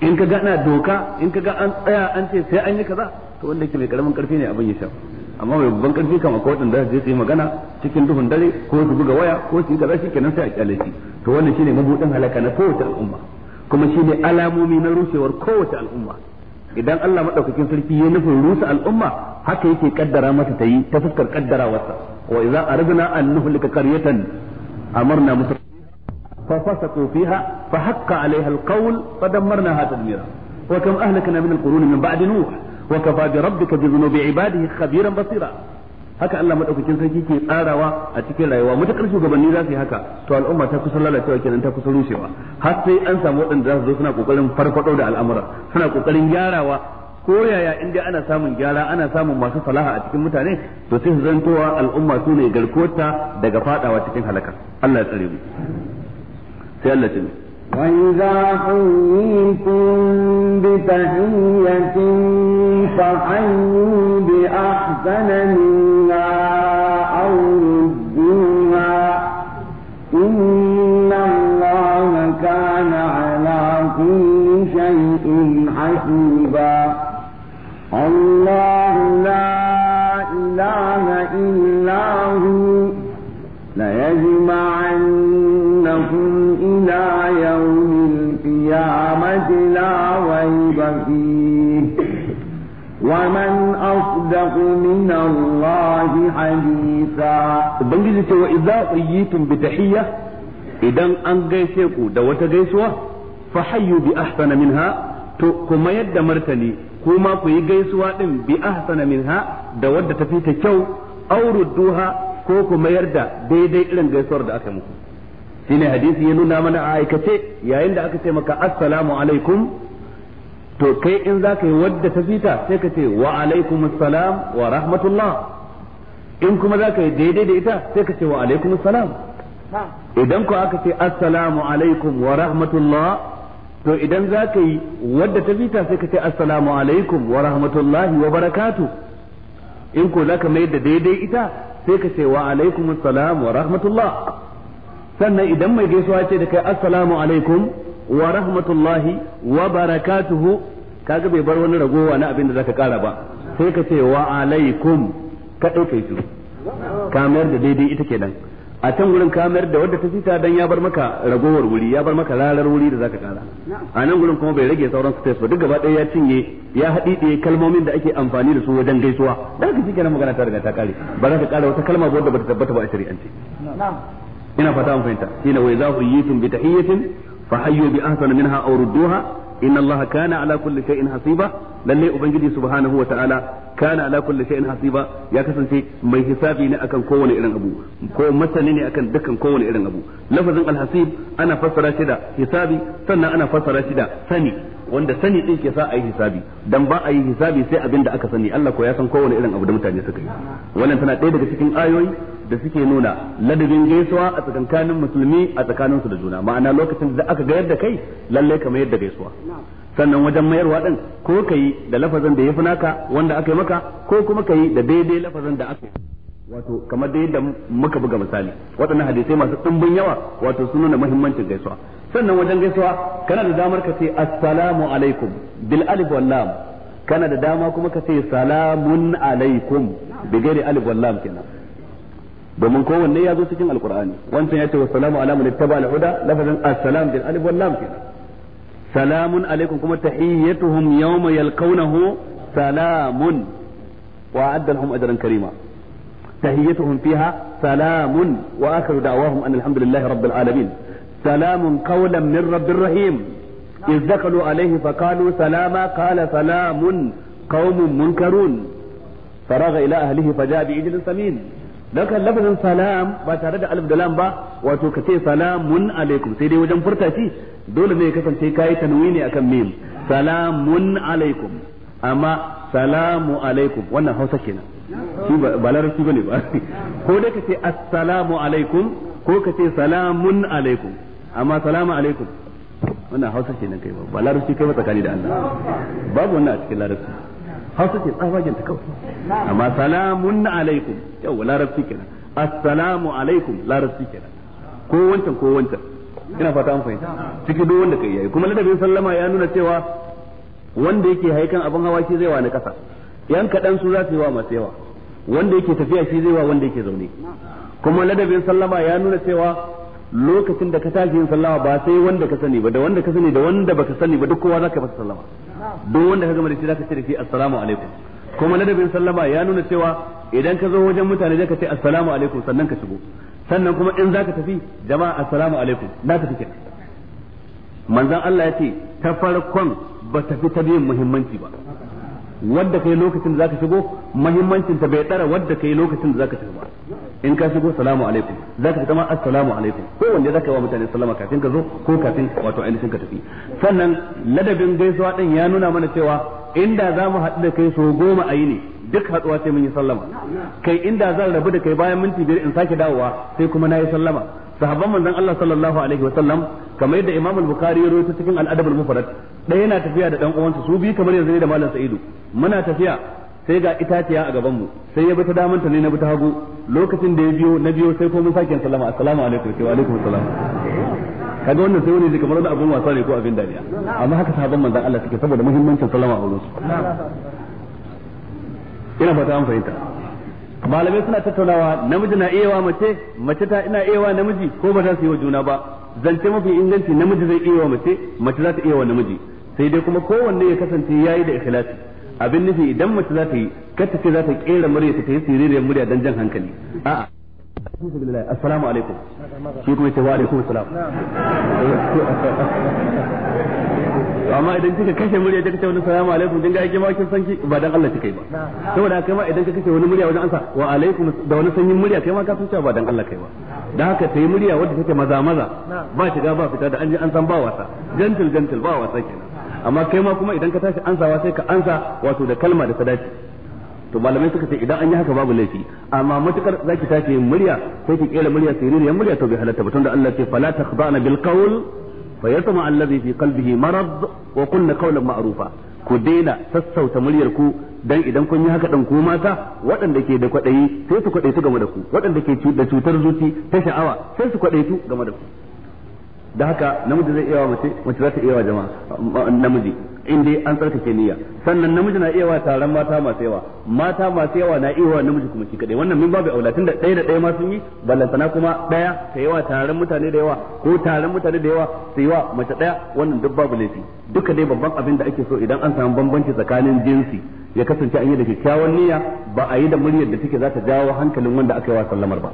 in ka ga ana doka in ka ga an tsaya an ce sai an yi kaza to wanda yake mai karamin karfi ne abin ya shafa amma mai babban karfi kama ko waɗanda zai su magana cikin duhun dare ko su buga waya ko su yi kaza shi kenan sai a kyale shi to wannan shine mabuɗin halaka na kowace al'umma kuma shine alamomi na rushewar kowace al'umma idan Allah madaukakin sarki ya nufin rusa al'umma haka yake kaddara mata ta yi ta fuskar kaddarawarsa wa idza aradna an nuhlika qaryatan amarna musa fa fasaqu fiha fa haqqa alaiha alqawl fa dammarnaha tadmira wa kam ahlakna min wa kafa bi rabbika bi dhunubi ibadihi basira haka Allah madaukakin sarki ke tsarawa a cikin rayuwa mutakar shugabanni za su yi haka to al'umma ta kusa lalacewa kenan ta kusan rushewa har sai an samu waɗanda za su zo suna kokarin farfado da al'amura suna kokarin gyarawa ko yaya in dai ana samun gyara ana samun masu salaha a cikin mutane to sai su zantowa al'umma su ne garkuwarta daga fadawa cikin halaka Allah ya tsare mu sai Allah ya وإذا حييتم بتحية فحيوا بأحسن منها أو ردوها إن الله كان على كل شيء حسيبا الله لا إله إلا هو ليجمعنكم إلى يوم القيامة لا ريب فيه ومن أصدق من الله حديثا بنجد وإذا حييتم بتحية إذا أنجيتكم دوت جيسوة فحيوا بأحسن منها كما يد مرتني كما في جيسوة بأحسن منها bi تفيت كو أو ردوها ta fi ta kyau aurudduha ko ku mayar daidai irin gaisuwar da aka muku shine hadisi ya nuna mana a aikace yayin da aka ce maka assalamu alaikum to kai in za ka yi wadda ta fita sai ka ce wa alaikum assalam wa rahmatullah in kuma za ka yi daidai da ita sai ka ce wa alaikum assalam idan ko aka ce assalamu alaikum wa rahmatullah to idan za ka yi wadda ta fita sai ka ce assalamu alaikum wa rahmatullahi wa barakatu in ko za ka mai da daidai ita sai ka ce wa alaikum assalam wa rahmatullah sannan idan mai gaisuwa ce da kai assalamu alaikum wa rahmatullahi wa barakatuhu kaga bai bar wani ragowa na abin da zaka kara ba sai ka ce wa alaikum ka dauke shi kamar da daidai ita kenan a can gurin kamar da wadda ta sita dan ya bar maka ragowar wuri ya bar maka larar wuri da zaka kara a nan gurin kuma bai rage sauran space ba duk gaba ɗaya ya cinye ya haɗiɗe kalmomin da ake amfani da su wajen gaisuwa dan ka shi kenan magana ta riga ta kare ba za ka kara wata kalma ba wadda ba ta tabbata ba a shari'ance na'am ina fata an fahimta shine wa idza huyitum bi tahiyatin fa hayyu bi ahsana minha aw rudduha inna allaha kana ala kulli shay'in hasiba lalle ubangiji subhanahu wa ta'ala kana ala kulli shay'in hasiba ya kasance mai hisabi ne akan kowane irin abu ko masani ne akan dukkan kowane irin abu lafazin alhasib ana fassara shi da hisabi sannan ana fassara shi da sani wanda sani din ke sa a yi hisabi dan ba a yi hisabi sai abin da aka sani Allah ko ya san kowane irin abu da mutane suka yi wannan tana ɗaya daga cikin ayoyi da suke nuna ladabin gaisuwa a tsakankanin musulmi a tsakanin su da juna ma'ana lokacin da aka gayar da kai lallai ka mayar da gaisuwa sannan wajen mayarwa din ko kai da lafazin da yafi naka wanda aka yi maka ko kuma kai da daidai lafazin da aka wato kamar da yadda muka buga misali waɗannan hadisai masu ɗumbin yawa wato sun nuna muhimmancin gaisuwa sannan wajen gaisuwa kana da damar ka ce assalamu alaikum bil alif wal lam kana da dama kuma ka ce salamun alaikum bi ghairi alif wal lam kenan domin kowanne ya zo cikin alkur'ani wancan ya ce wa salamu ala man ittaba al-huda lafazin assalam bil alif wal lam kenan salamun alaikum kuma tahiyyatuhum yawma yalqawnahu salamun wa adda lahum ajran karima tahiyyatuhum fiha salamun wa akhiru da'wahum an alhamdulillahi rabbil alamin salamun qawlan min rabbir rahim إذ دخلوا عليه فقالوا سلاما قال سلام قوم منكرون فرغ إلى أهله فجاء بعجل سمين dan kan lafazin salam ba tare da alif da lam ba wato ka ce salamun alaikum sai dai wajen furta shi dole ne ya kasance kai tanwini akan mim salamun alaikum amma salamu alaikum wannan Hausa kenan shi ba larabci bane ba ko dai ka ce assalamu alaikum ko ka ce salamun alaikum amma salamu alaikum wannan Hausa kenan kai ba larabci kai ba tsakani da Allah babu wannan a cikin larabci hausa ce tsabagen ta kawai amma salamun alaikum yau larabci kenan assalamu alaikum larabci kenan ko wancan ko wancan ina fata an fahimta cikin duk wanda kai yayi kuma ladabin sallama ya nuna cewa wanda yake haikan abin hawa shi zai wa na kasa yan kadan su za su yi wa masu yawa wanda yake tafiya shi zai wa wanda yake zaune kuma ladabin sallama ya nuna cewa lokacin da ka tashi yin sallama ba sai wanda ka sani ba da wanda ka sani da wanda baka sani ba duk kowa zaka masa sallama duk wanda ka gama da shi zaka ce da shi assalamu alaikum kuma ladabin sallama ya nuna cewa idan ka zo wajen mutane zaka ce assalamu alaikum sannan ka shigo sannan kuma in zaka tafi jama'a assalamu alaikum na tafi kenan manzon Allah ya ce ta farkon ba tafi ta biyan muhimmanci ba wadda kai lokacin da zaka shigo muhimmancin ta bai tsara wadda kai lokacin da zaka tafi ba in ka shigo salamu alaikum za ka fita ma assalamu alaikum ko wanda za ka yi wa mutane sallama kafin ka zo ko kafin wato ainihin ka tafi sannan ladabin gaisuwa din ya nuna mana cewa inda za mu haɗu da kai so goma a yi ne duk haɗuwa sai mun yi sallama kai inda zan rabu da kai bayan minti biyar in sake dawowa sai kuma na yi sallama sahabban manzon Allah sallallahu alaihi wasallam kamar yadda Imam al-Bukhari ya rawaito cikin al-Adab al-Mufrad ɗaya yana tafiya da dan uwansa su biyu kamar yanzu ne da Malam Sa'idu muna tafiya sai ga itaciya a gaban mu sai ya bi ta daman ta ne na bi ta hagu lokacin da ya biyo na biyo sai ko mun sake sallama assalamu alaikum wa alaikum assalam kaga wannan sai wani kamar da abun wasa ne ko abin dariya amma haka sahabban manzon Allah suke saboda muhimmancin sallama a wurin su ina fata an fahimta malamai suna tattaunawa namiji na iya mace mace ta ina iya namiji ko ba za su yi wa juna ba zance mafi inganci namiji zai iya mace mace za ta iya namiji sai dai kuma kowanne ya kasance yayi da ikhlasi abin nufi idan mace za ta yi kata ce za ta kera murya ta yi siririyar murya dan jan hankali a'a assalamu alaikum shi kuma ce wa alaikum assalam amma idan kika kashe murya kika ce wani salamu alaikum dinga yake ma kin san ki ba dan Allah kika yi ba saboda kai ma idan ka kashe wani murya wajen ansa wa alaikum da wani sanyin murya kai ma ka san cewa ba dan Allah kai ba dan haka tayi murya wadda take maza maza ba shiga ba fita da an ji an san ba wasa gentle gentle ba wasa kenan amma kai ma kuma idan ka tashi ansawa sai ka ansa wato da kalma da sadaci to malamai suka ce idan an yi haka babu laifi amma matukar zaki tashi yin murya sai ki kera murya sirriya murya to bai halatta ba tunda Allah ce fala takhdana bil qawl fayatma alladhi fi qalbihi marad wa qulna qawlan ma'rufa ku daina sassauta muryar ku dan idan kun yi haka dan ku mata waɗanda ke da kwadayi sai su kwadaitu game da ku waɗanda ke da cutar zuci ta sha'awa sai su kwadaitu game da ku da haka namiji zai iya wa mace mace za ta iya wa jama'a namiji in dai an tsarkake niyya sannan namiji na iya wa taron mata masu yawa mata masu yawa na iya wa namiji kuma shi kadai wannan min babu aula tunda ɗaya da ɗaya ma sun yi ballantana kuma ɗaya ta yawa taron mutane da yawa ko taron mutane da yawa su yi wa mace ɗaya wannan duk babu laifi duka dai babban abin da ake so idan an samu bambanci tsakanin jinsi ya kasance an yi da kyakkyawan niyya ba a yi da muryar da take za ta jawo hankalin wanda aka yi wa sallamar ba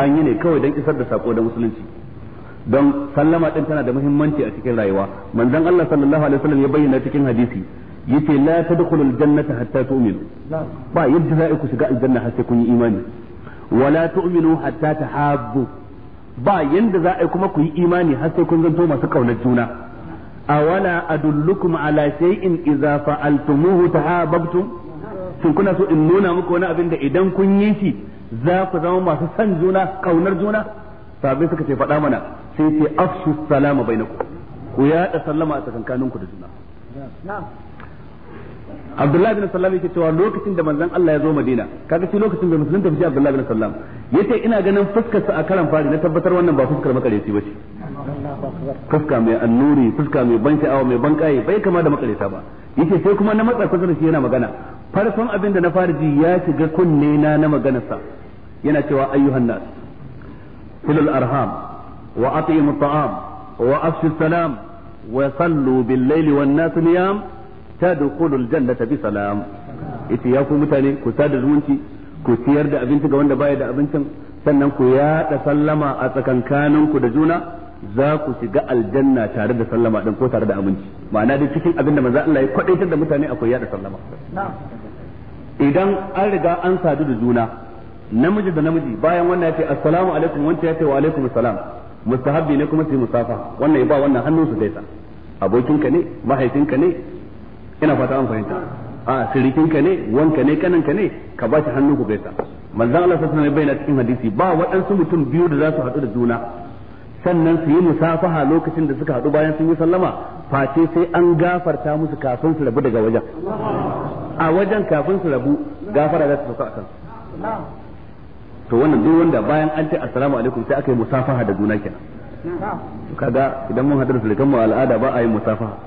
an yi ne kawai don isar da sako da musulunci don sallama din tana da muhimmanci a cikin rayuwa manzon Allah sallallahu alaihi wasallam ya bayyana cikin hadisi yace la tadkhulu aljannata hatta tu'minu ba yadda za ku shiga aljanna har sai kun yi imani wala tu'minu hatta tahabbu ba yanda za a kuma ku yi imani har sai kun zanto masu kaunar juna A awala adullukum ala shay'in idza fa'altumuhu tahabbtum shin kuna so in nuna muku wani abin da idan kun yi shi za ku zama masu san juna kaunar juna sabai suka ce faɗa mana sai ce afshu salama bainakum ku yaɗa sallama a tsakankaninku da juna Abdullahi bin Sallam yake cewa lokacin da manzon Allah ya zo Madina kaga shi lokacin da musulunta bi Abdullahi bin Sallam yace ina ganin fuskar sa a karan fari na tabbatar wannan ba fuskar makareci bace fuska mai annuri fuska mai ban sha'awa mai ban kai bai kama da makareta ba yace sai kuma na matsa kusa da shi yana magana farkon abin da na fara ji ya shiga kunne na na maganarsa yana cewa ayyuhan nas kulul arham وأطعموا الطعام وأفشوا السلام وصلوا بالليل والناس نيام تدخل الجنة بسلام ita ya ku mutane ku sada zumunci ku ciyar da abinci ga wanda baya da abincin sannan ku yaɗa sallama a tsakankanin ku da juna za ku shiga aljanna tare da sallama ko tare da abinci ma'ana dai cikin abin da manzo Allah ya kwadaitar da mutane akwai yaɗa sallama idan an riga an sadu da juna namiji da namiji bayan wa mustahabbi ne kuma sai musafa wannan ya ba wannan hannun su abokin abokinka ne mahaifinka ne ina fata an fahimta a sirikinka ne wanka ne kaninka ne ka ba shi hannu ku gaisa manzan Allah sallallahu alaihi wasallam cikin hadisi ba waɗansu mutum biyu da za su haɗu da juna sannan su yi musafaha lokacin da suka haɗu bayan sun yi sallama face sai an gafarta musu kafin su rabu daga wajen a wajen kafin su rabu gafara za su sauka a kansu to wannan duk wanda bayan an ce assalamu alaikum sai aka yi musafaha da juna kenan kaga idan mun hadar sulkan mu al'ada ba a yi musafaha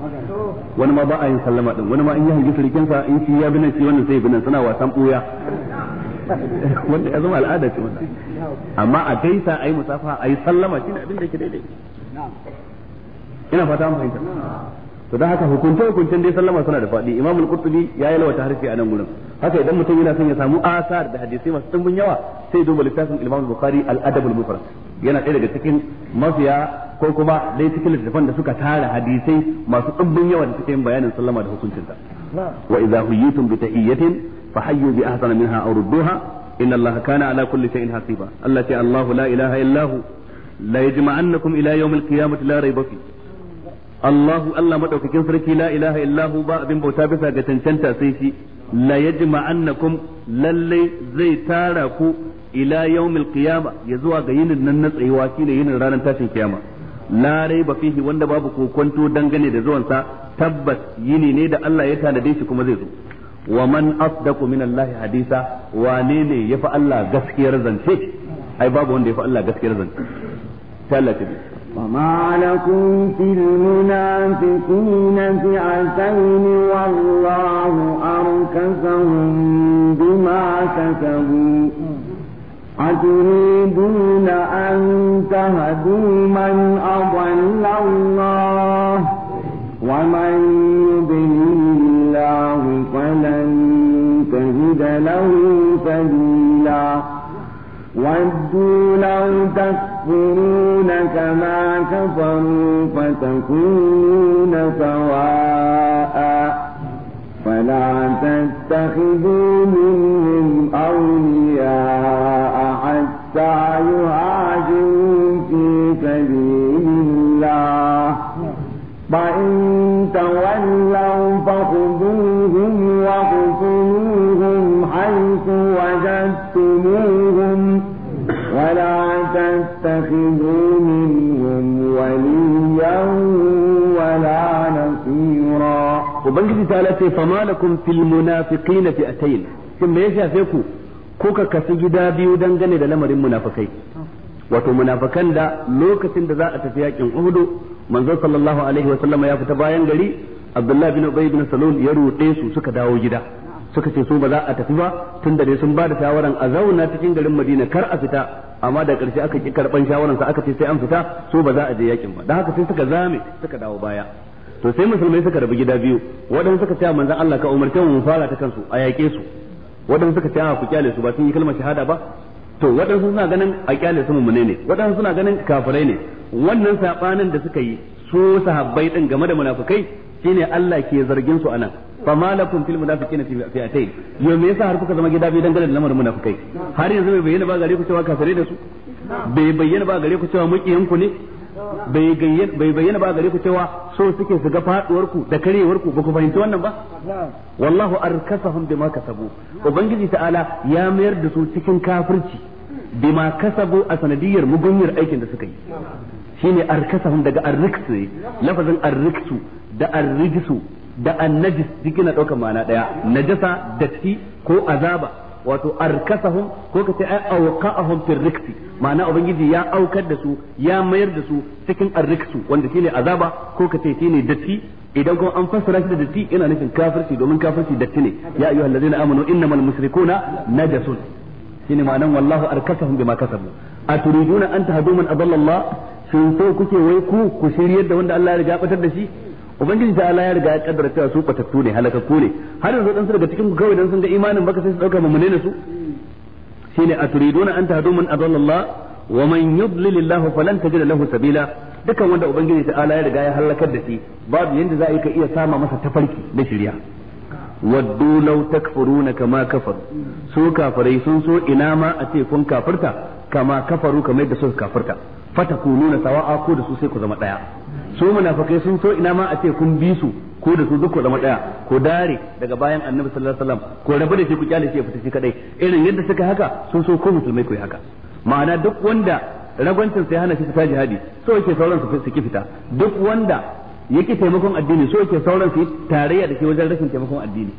wani ma ba a yin sallama din wani ma in ya hangi sulkin sa in shi ya bi nan shi wannan sai bi nan suna wasan buya wanda ya zama al'ada ce wannan amma a gaisa a yi musafaha a yi sallama ne abin da yake daidai ina fata mun fahimta to dan haka hukunce hukuncen dai sallama suna da faɗi imamul qurtubi ya yi lawata harfi a nan gurin haka idan mutum yana son ya samu asar da hadisi masu dimbin yawa sai duba littafin Imam Bukhari al-Adab mufrad yana ɗaya daga cikin mafiya ko kuma dai cikin littafan da suka tara hadisai masu dubbin yawa da suke yin bayanin sallama da hukuncinta wa idza huyitum bi tahiyyatin fahayyu bi ahsana minha aw rudduha inna Allah kana ala kulli shay'in hasiba Allah ta Allah la ilaha illa hu la yajma'annakum ila yawm al-qiyamati la rayba fi Allah Allah madaukakin sarki la ilaha illa hu ba abin bauta bisa ga cancanta sai shi la yajma'annakum lalle zai tara ku ila yawmil qiyama ya zuwa ga yinin nan na tsayuwa shine yinin ranar tashin kiyama la raiba fihi wanda babu kokonto dangane da zuwansa tabbas yini ne da Allah ya tanade shi kuma zai zo wa man asdaqu min Allah hadisa wane ne yafi Allah gaskiyar zance ai babu wanda yafi Allah gaskiyar zance tallafi وما لكم في المنافقين فئتين والله أركسهم بما كسبوا أتريدون أن تهدوا من أضل الله ومن يضلل الله فلن تجد له سبيلا ودوا لو تكفرون كما كفروا فتكونون سواء فلا تتخذوا منهم أولياء حتى يهاجروا في سبيل الله فإن تولوا فخذوهم واقتلوهم حيث وجدتموهم ولا تتخذوا منهم وليا ولا نصيرا وبنجد تعالى فما لكم في المنافقين فئتين ثم يشافيكم ko ka kasu gida biyu dangane da lamarin munafakai wato munafakan da lokacin da za a tafi yakin Uhudu manzo sallallahu alaihi wa sallama ya fita bayan gari Abdullahi bin Ubay bin Salul ya rute su suka dawo gida suka ce su ba za a tafi ba tun da dai sun bada da shawaran a zauna cikin garin Madina kar a fita amma da ƙarshe aka ki karban shawaran sa aka ce sai an fita su ba za a je yakin ba dan haka sai suka zame suka dawo baya to sai musulmai suka rabu gida biyu waɗansu suka ce manzon Allah ka umarce mu fara ta kansu a yake su waɗansu suka ce a ah, ku kyale su ba sun yi kalmar shahada ba to waɗansu suna ganin a kyale su mummune ne waɗansu suna ganin kafirai ne wannan sabanin da suka yi su sahabbai din game da munafikai shine Allah ke zargin su anan fa malakum fil munafiqina fi fi'atay yo me yasa har kuka zama gida biyu dangane da lamarin munafikai har yanzu bai bayyana ba gare ku cewa kafirai da su bai bayyana ba gare ku cewa mukiyan ku ne bai bayyana ba gare ku cewa so suke su ga faduwar ku da karewar ku ba ku fahimci wannan ba wallahu arkasahum bima kasabu ubangiji ta'ala ya mayar da su cikin kafirci bima kasabu a sanadiyar mugunyar aikin da suka yi shine arkasahum daga arriksu lafazin arriksu da arrijisu da annajis cikin yana daukar mana daya najasa datti ko azaba wato arkasahum ko ce ai awqa'ahum fil riksi ma'ana ubangiji ya aukar da su ya mayar da su cikin arriksu wanda shine azaba ko kace shine datti idan kuma an fassara shi da datti ina nufin kafirci domin kafirci datti ne ya ayyuhal ladzina amanu innamal mushrikuna najasun shine ma'anan wallahu arkasahum bima kasabu aturiduna an tahdu man adalla Allah shin so kuke wai ku ku shiryar da wanda Allah ya riga batar da shi ubangiji ta Allah ya riga ya kaddara cewa su patattu ne halakakku ne har yanzu dan su daga cikin kawai dan sun ga imanin baka sai su dauka mamune ne su shine aturiduna an tahdu man adallallah wa man yudlilillahu falan tajida lahu sabila dukan wanda ubangiji ta Allah ya riga ya halakar da shi babu yanda za ka iya sama masa tafarki na shirya waddu law takfuruna kama kafar, su kafirai sun so ina ma a ce kun kafirta kama kafaru kamar da suka kafirta fatakununa sawa'a ko da su sai ku zama daya su munafikai sun so ina ma a ce kun bi su ko da su duk ko da daya ko dare daga bayan annabi sallallahu alaihi wasallam ko rabu da shi ku kyale shi ya fita shi kadai irin yadda suka haka sun so ko musulmai ku haka ma'ana duk wanda ragwancin sai hana shi fita jihadi so yake sauran su su fita duk wanda yake taimakon addini so yake sauran su tarayya da shi wajen rashin taimakon addini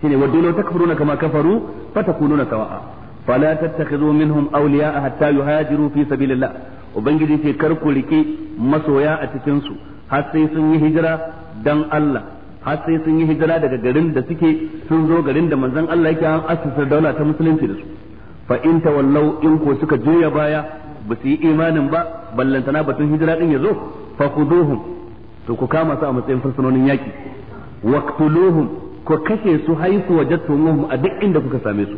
shine wadda takfuruna kama kafaru fatakununa sawa'a fala zomin minhum awliya hatta yuhajiru fi sabilillah ubangiji ce kar ku rike masoya a cikinsu. su sun yi hijira dan Allah har sai sun yi hijira daga garin da suke sun zo garin da manzon Allah yake an assasa daula ta musulunci da su fa in tawallau in ko suka juya baya ba su yi imanin ba ballantana batun hijira din ya zo. khuduhum to ku kama su a matsayin fursunonin yaki waqtuluhum ko kashe su haisu wajadtumuhum a duk inda kuka same su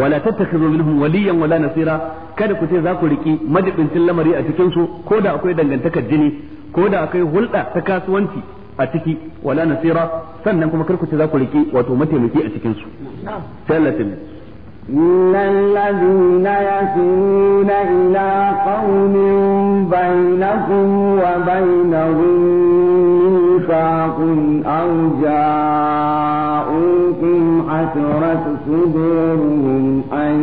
wala tattakhidhu minhum waliyan wala nasira kada ku ce za ku riki madibincin lamari a cikin su ko da akwai dangantakar jini ko da akwai hulɗa ta kasuwanci a ciki wala nasira sannan kuma kar ku ce za ku riki wato mataimaki a cikin su sai Allah ta إن الذين يسيرون إلى قوم بينكم وبينهم ميثاق أو حسرت صدورهم أن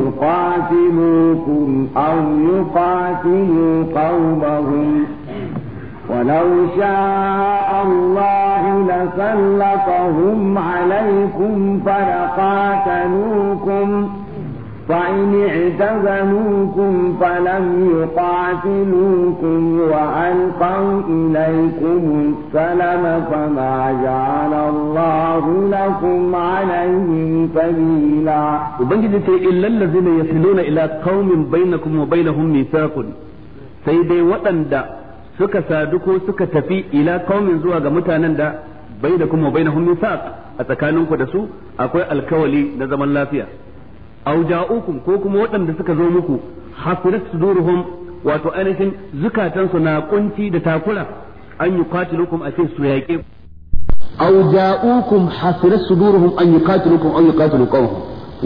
يقاتلوكم أو يقاتلوا قومهم ولو شاء الله لسلطهم عليكم فلقاتلوكم فإن اعتزلوكم فلم يقاتلوكم وألقوا إليكم السلم فما جعل الله لكم عليهم سبيلا وبنجد إلا الذين يصلون إلى قوم بينكم وبينهم ميثاق سيدي وطن دا suka sadu ko suka tafi ila kaumin zuwa ga mutanen da bai da kuma bai na a tsakaninku da su akwai alkawali na zaman lafiya aw ja'ukum ko kuma wadanda suka zo muku hasirat suduruhum wato ainihin zukatansu na kunci da takura an yi yuqatilukum a cikin su yaƙe aw ja'ukum hasirat suduruhum an yi yuqatilukum aw yuqatilu qawm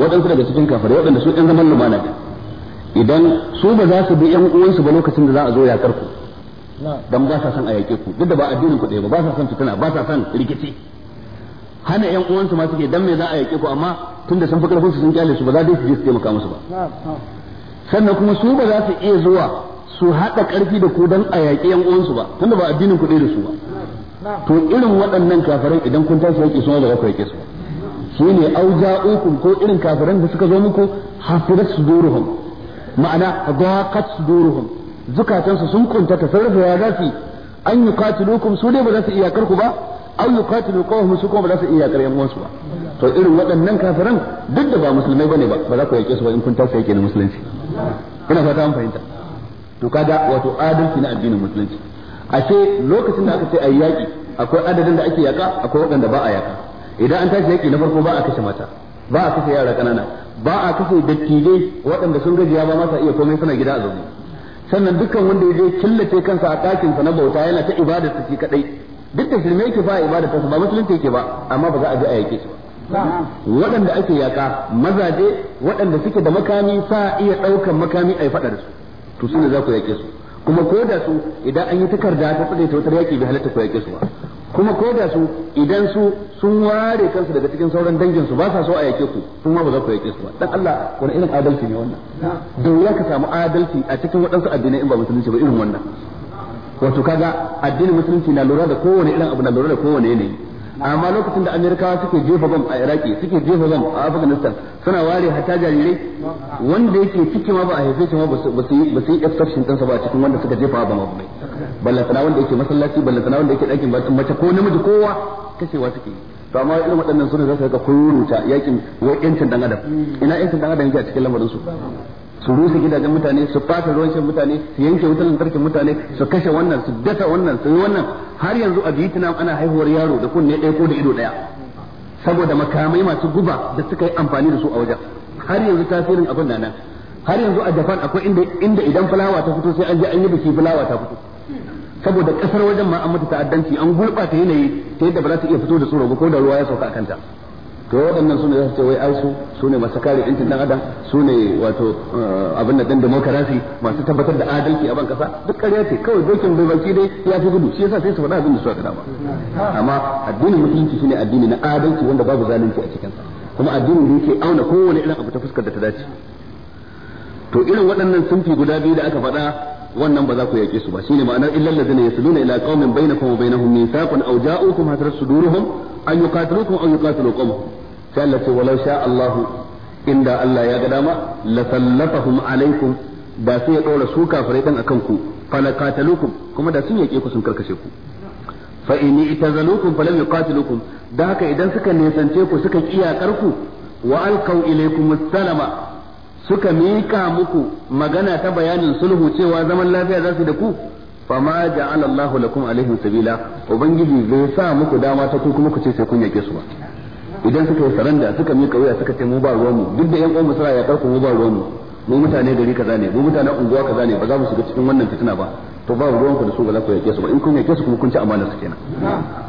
waɗansu daga cikin kafare waɗanda su ɗan zaman lumana ne idan su ba za su bi ƴan uwansu ba lokacin da za a zo yaƙar ku dan ba sa son a yaƙe ku duk da ba addinin ku ɗaya ba ba sa son fitina ba sa son rikici hana yan uwansu ma suke dan me za a yake ku amma tunda sun fi karfin su sun kyale su ba za su je su taimaka musu ba sannan kuma su ba za su iya zuwa su haɗa ƙarfi da ku dan a yaƙi yan uwansu ba tunda ba addinin ku ɗaya da su ba to irin waɗannan kafirai idan kun tashi yaƙi suna da za ku yaƙe su ba shine au ukun ko irin kafiran da suka zo muku hafirat suduruhum ma'ana daqat suduruhum zukatansu su sun ta sarrafa ya zafi an yuqatilukum su dai ba za su iya karku ba aw yuqatilu qawmu su kuma ba za su iya yakar yan uwansu ba to irin waɗannan kafiran duk da ba musulmai bane ba ba za ku yake su ba in kun tafi yake na musulunci ina fata an fahimta to kaga wato adalci na addinin musulunci ashe lokacin da aka ce ayi yaki akwai adadin da ake yaka akwai waɗanda ba a yaka idan an tashi yaki na farko ba a kashe mata ba a kashe yara kanana ba a kashe dattijai waɗanda sun gajiya ba masa iya komai suna gida a zaune sannan dukkan wanda ya je killace kansa a ɗakinsa na bauta yana ta ibadar shi kaɗai duk da shirme yake ba a ibada ta ba musulunci yake ba amma ba za a ji a yake su waɗanda ake yaka mazaje waɗanda suke da makami sa iya ɗaukan makami a yi faɗar su to su ne za ku yake su kuma ko da su idan an yi takarda ta tsare ta wutar yaƙi bai halatta ku yake su ba kuma ko da su idan su sun ware kansu daga cikin sauran dangin su ba sa so a yake ku sun ma ba za ku yake su ba dan Allah wani irin adalci ne wannan da wuya ka samu adalci a cikin waɗansu addinai in ba musulunci ba irin wannan wato kaga addinin musulunci na lura da kowane irin abu na lura da kowane yanayi amma lokacin da amerikawa suke jefa bom a iraki suke jefa bom a afghanistan suna ware hatta jarirai wanda yake ciki ma ba a haife shi ma ba su yi exception ɗansa ba a cikin wanda suka jefa ba mai ballantana wanda yake masallaci ballantana wanda yake ɗakin batun mace ko namiji kowa kashewa suke yi to amma irin waɗannan suna za su ga kun yakin wa yancin dan adam ina yancin dan adam yake a cikin lamarin su su rusa gidajen mutane su fata ruwan shan mutane su yanke wutar lantarkin mutane su kashe wannan su dasa wannan su yi wannan har yanzu a Vietnam ana haihuwar yaro da kunne ɗaya ko da ido ɗaya saboda makamai masu guba da suka yi amfani da su a wajen har yanzu tasirin abin na nan har yanzu a Japan akwai inda idan fulawa ta fito sai an je an yi biki fulawa ta fito saboda kasar wajen ma an mata ta'addanci an gurɓata yanayi ta yadda ba za su iya fito da tsoro ba ko da ruwa ya sauka a kanta to waɗannan sune za su ce wai ai su su ne masu kare yancin dan adam ne wato eh, abin da dan demokarasi masu tabbatar da adalci a ban kasa duk ƙarya ce kawai dokin bai baki dai ya fi gudu shi yasa sai su faɗa abin da suka ba amma addinin musulunci shine addini na adalci wanda babu zalunci a cikinsa kuma addinin da yake auna kowane irin abu ta fuskar da ta dace to irin waɗannan sunfi guda biyu da aka faɗa wannan ba za ku yake su ba shine ma'anar illal ladina yasluna ila qaumin bainakum wa bainahum mithaqun aw ja'ukum hasrat suduruhum an yuqatilukum aw yuqatilu qawmahum sai Allah ce walau sha Allah inda Allah ya ga dama la sallatahum alaikum ba sai ya dora su kafirai dan akan ku falakatalukum kuma da sun yake ku sun karkashe ku fa in itazalukum falam yuqatilukum da haka idan suka nisance ku suka kiyakar ku wa alqaw ilaykum suka mika muku magana ta bayanin sulhu cewa zaman lafiya za su da ku fama ja'ala Allahu lakum alaihi sabila ubangiji bai sa muku dama ta ku kuma ku ce sai kun yake su ba idan suka yi saranda suka mika wuya suka ce mu ba ruwan mu duk da yan uwan suna ya karku mu ba ruwan mu mu mutane gari kaza ne mu mutanen unguwa kaza ne ba za mu shiga cikin wannan fitina ba to ba ruwan ku da su ba za ku yake su ba in kun yake su kuma kun ci amana su kenan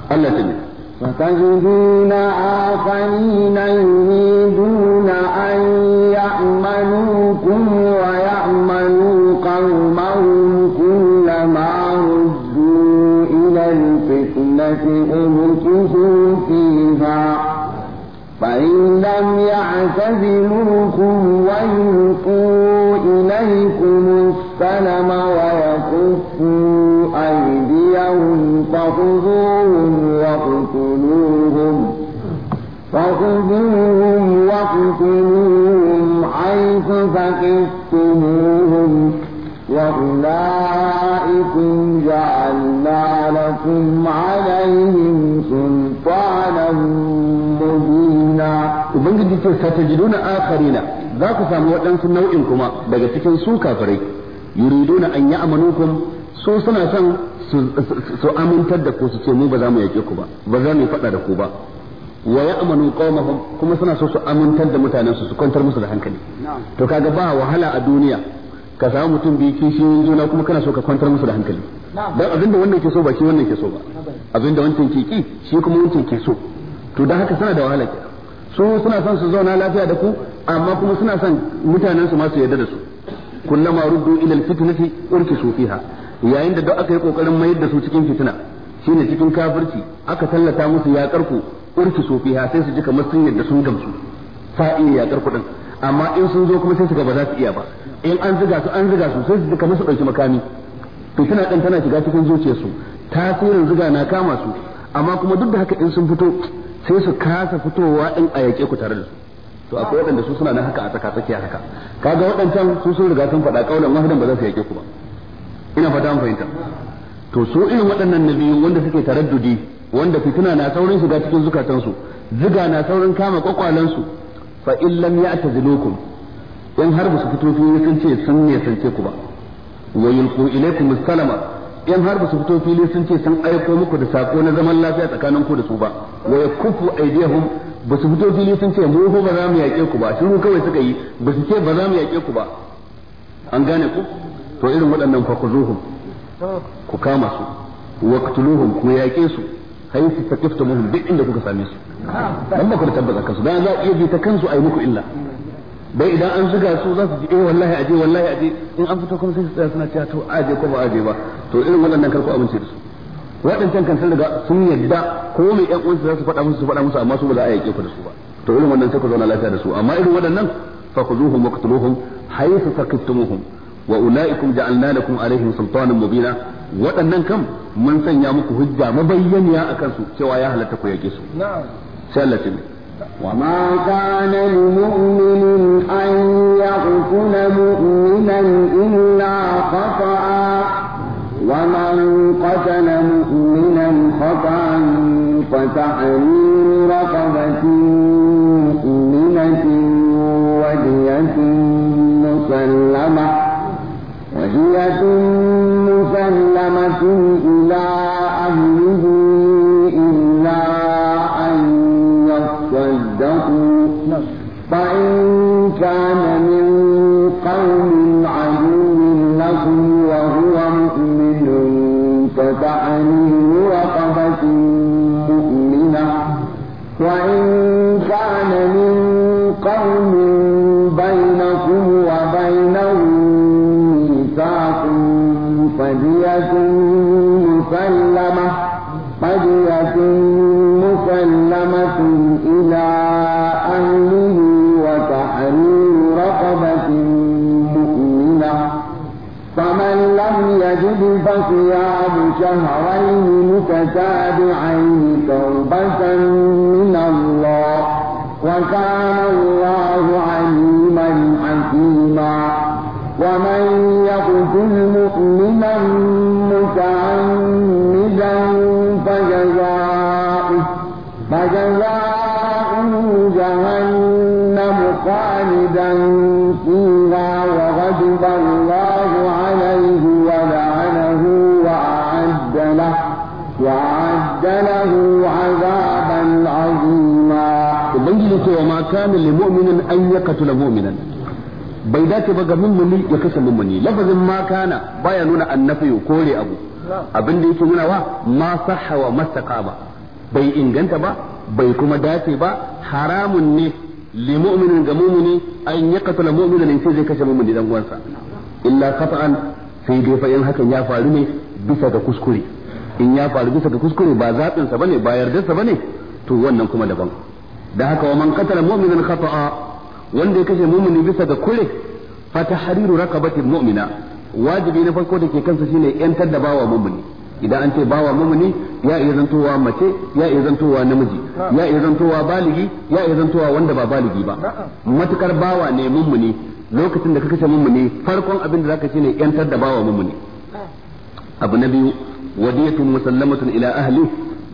Allah ta ne ستجدون آخرين يريدون أن يأمنوكم ويأمنوا قومهم كلما ردوا إلى الفتنة أركسوا فيها فإن لم يعتزلوكم ويلقوا إليكم السلم ويكفوا أيديهم فخذوه فخذوهم واقتلوهم حيث ثقفتموهم وأولئكم جعلنا لكم عليهم سلطانا مبينا Ubangiji ce satajiduna akharina za ku samu waɗansu nau'in kuma daga cikin su kafirai yuriduna an ya'manukum su suna son su amintar da ku su ce mu ba za mu yake ku ba ba za mu faɗa da ku ba wa ya'manu qaumahum kuma suna so su amintar da mutanen su su kwantar musu da hankali to kaga ba wahala a duniya ka samu mutum biyu kishiyoyin juna kuma kana so ka kwantar musu da hankali dan abinda wannan ke so ba shi wannan ke so ba abinda wancan ke ki shi kuma wancan ke so to dan haka suna da wahala ke su suna son su zauna lafiya da ku amma kuma suna son mutanen su ma su yarda da su kullama ruddu ila alfitnati urkisu fiha yayin da duk aka yi kokarin mayar da su cikin fitina shine cikin kafirci aka tallata musu ya karku urki su fiha sai su ji kamar sun yadda sun gamsu sa iya yakar kuɗin amma in sun zo kuma sai su ga ba za su iya ba in an ziga su an ziga su sai su ji kamar su dauki makami to tana ɗan tana shiga cikin zuciyar zuciyarsu tasirin ziga na kama su amma kuma duk da haka in sun fito sai su kasa fitowa in a yake ku tare da su to akwai waɗanda su suna nan haka a tsaka tsakiya haka kaga waɗancan su sun riga sun faɗa kaulan wahidan ba za su yake ku ba ina fata mun fahimta to su irin waɗannan nabiyu wanda suke taraddudi wanda fituna na saurin shiga cikin zukatansu ziga na saurin kama kwakwalansu fa in lam ya'tazilukum in har su fito fili sun ce sun ne ce ku ba wa yulqu ilaykum salama in har su fito fili sun ce sun aiko muku da sako na zaman lafiya tsakanin ku da su ba wa yakufu aydihum ba su fito fili sun ce mu ko ba za mu yaƙe ku ba mu kawai suka yi ba su ce ba za mu yaƙe ku ba an gane ku to irin waɗannan fakuzuhum ku ku kama su waqtuluhum ku yaƙe su haythu saqiftumuhum duk inda kuka same su dan ba ku da tabbata kansu dan za iya bi ta kansu ai muku illa bai idan an zuga su za su ji eh wallahi aje wallahi aje in an fito kuma sai su tsaya suna cewa to aje ko ba aje ba to irin waɗannan karku amince da su waɗancan kan sun riga sun yadda ko mai ƴan uwansu za su faɗa musu su faɗa musu amma su ba za a yake ku da su ba to irin wannan sai ku zauna lafiya da su amma irin waɗannan fa khuzuhum waqtuluhum haythu saqiftumuhum wa ulaikum ja'alna lakum alaihim sultanan mubina waɗannan kam mun sanya muku hujja mabayyaniya a kansu cewa ya halatta ku yake su sai Allah ce وما كان لمؤمن أن يقتل مؤمنا إلا خطأ ومن قتل مؤمنا خطأ فتحرير abin da yake nuna wa ma sahha wa mastaqama bai inganta ba bai kuma dace ba haramun ne li mu'minin ga mu'mini an yaqtula mu'minan sai zai kashe mu'mini dan uwansa illa qat'an sai dai fa in hakan ya faru ne bisa ga kuskure in ya faru bisa ga kuskure ba zaɓin sa bane ba yardar sa bane to wannan kuma daban da haka wa man qatala mu'minan khata'a wanda ya kashe mu'mini bisa ga kure fa tahriru raqabatin mu'mina wajibi na farko da ke kansa shine yantar da bawa mumuni idan an ce bawa mumuni ya iya zantowa mace ya iya zantowa namiji ya iya zantowa baligi ya iya zantowa wanda ba baligi ba matukar bawa ne mumuni lokacin da ka kashe mumuni farkon abin da zaka ne yantar da bawa mumuni abu na biyu wadiyatun musallamatun ila ahali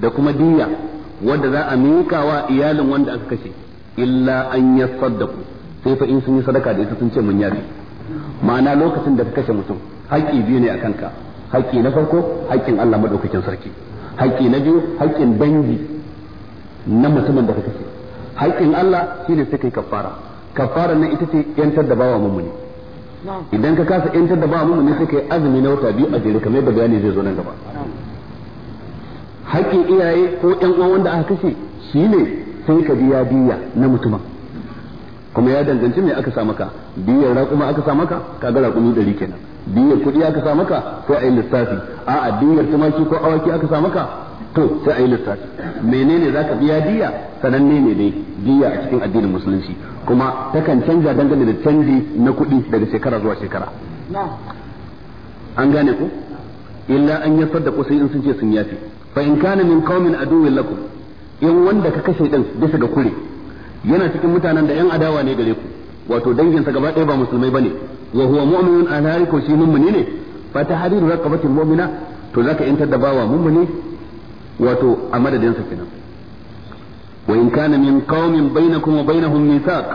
da kuma diya wanda za a miƙa wa iyalin wanda aka kashe illa an sai fa in sun yi sadaka da ita sun ce mun yafi ma'ana lokacin da ka kashe mutum haƙƙi biyu ne a kanka haƙƙi na farko haƙƙin Allah madaukakin sarki haƙƙi na biyu haƙƙin dangi na mutumin da ka kashe haƙƙin Allah shine sai kai kafara kafara nan ita ce yantar da bawa mummuni idan ka kasa yantar da bawa mummuni sai kai azumi na wata biyu a jere kamar yadda bayani zai zo nan gaba haƙƙin iyaye ko ƴan uwan wanda aka kashe shine sai ka biya biya na mutumin kuma ya danganci me aka sa maka biyar raƙuma aka sa maka ga raƙumi ɗari kenan biyar kuɗi aka sa maka sai a yi lissafi a'a biyar tumaki ko awaki aka sa maka to sai a yi lissafi menene ka biya biya sananne ne dai diya a cikin addinin musulunci kuma takan canja dangane da canji na kuɗi daga shekara zuwa shekara an gane ku illa an yi yasaddaku sai in sun ce sun yafi fa in kana min qaumin aduwwin lakum in wanda ka kashe din bisa ga kure yana cikin mutanen da yan adawa ne gare ku wato danginsa gaba ɗaya ba musulmai bane wa huwa mu'minun alhari ko shi mummuni ne fa ta hadiru raqabatin mu'mina to zaka intar da bawa mummuni wato a madadin sa kenan wa in kana min qaumin bainakum wa bainahum mithaq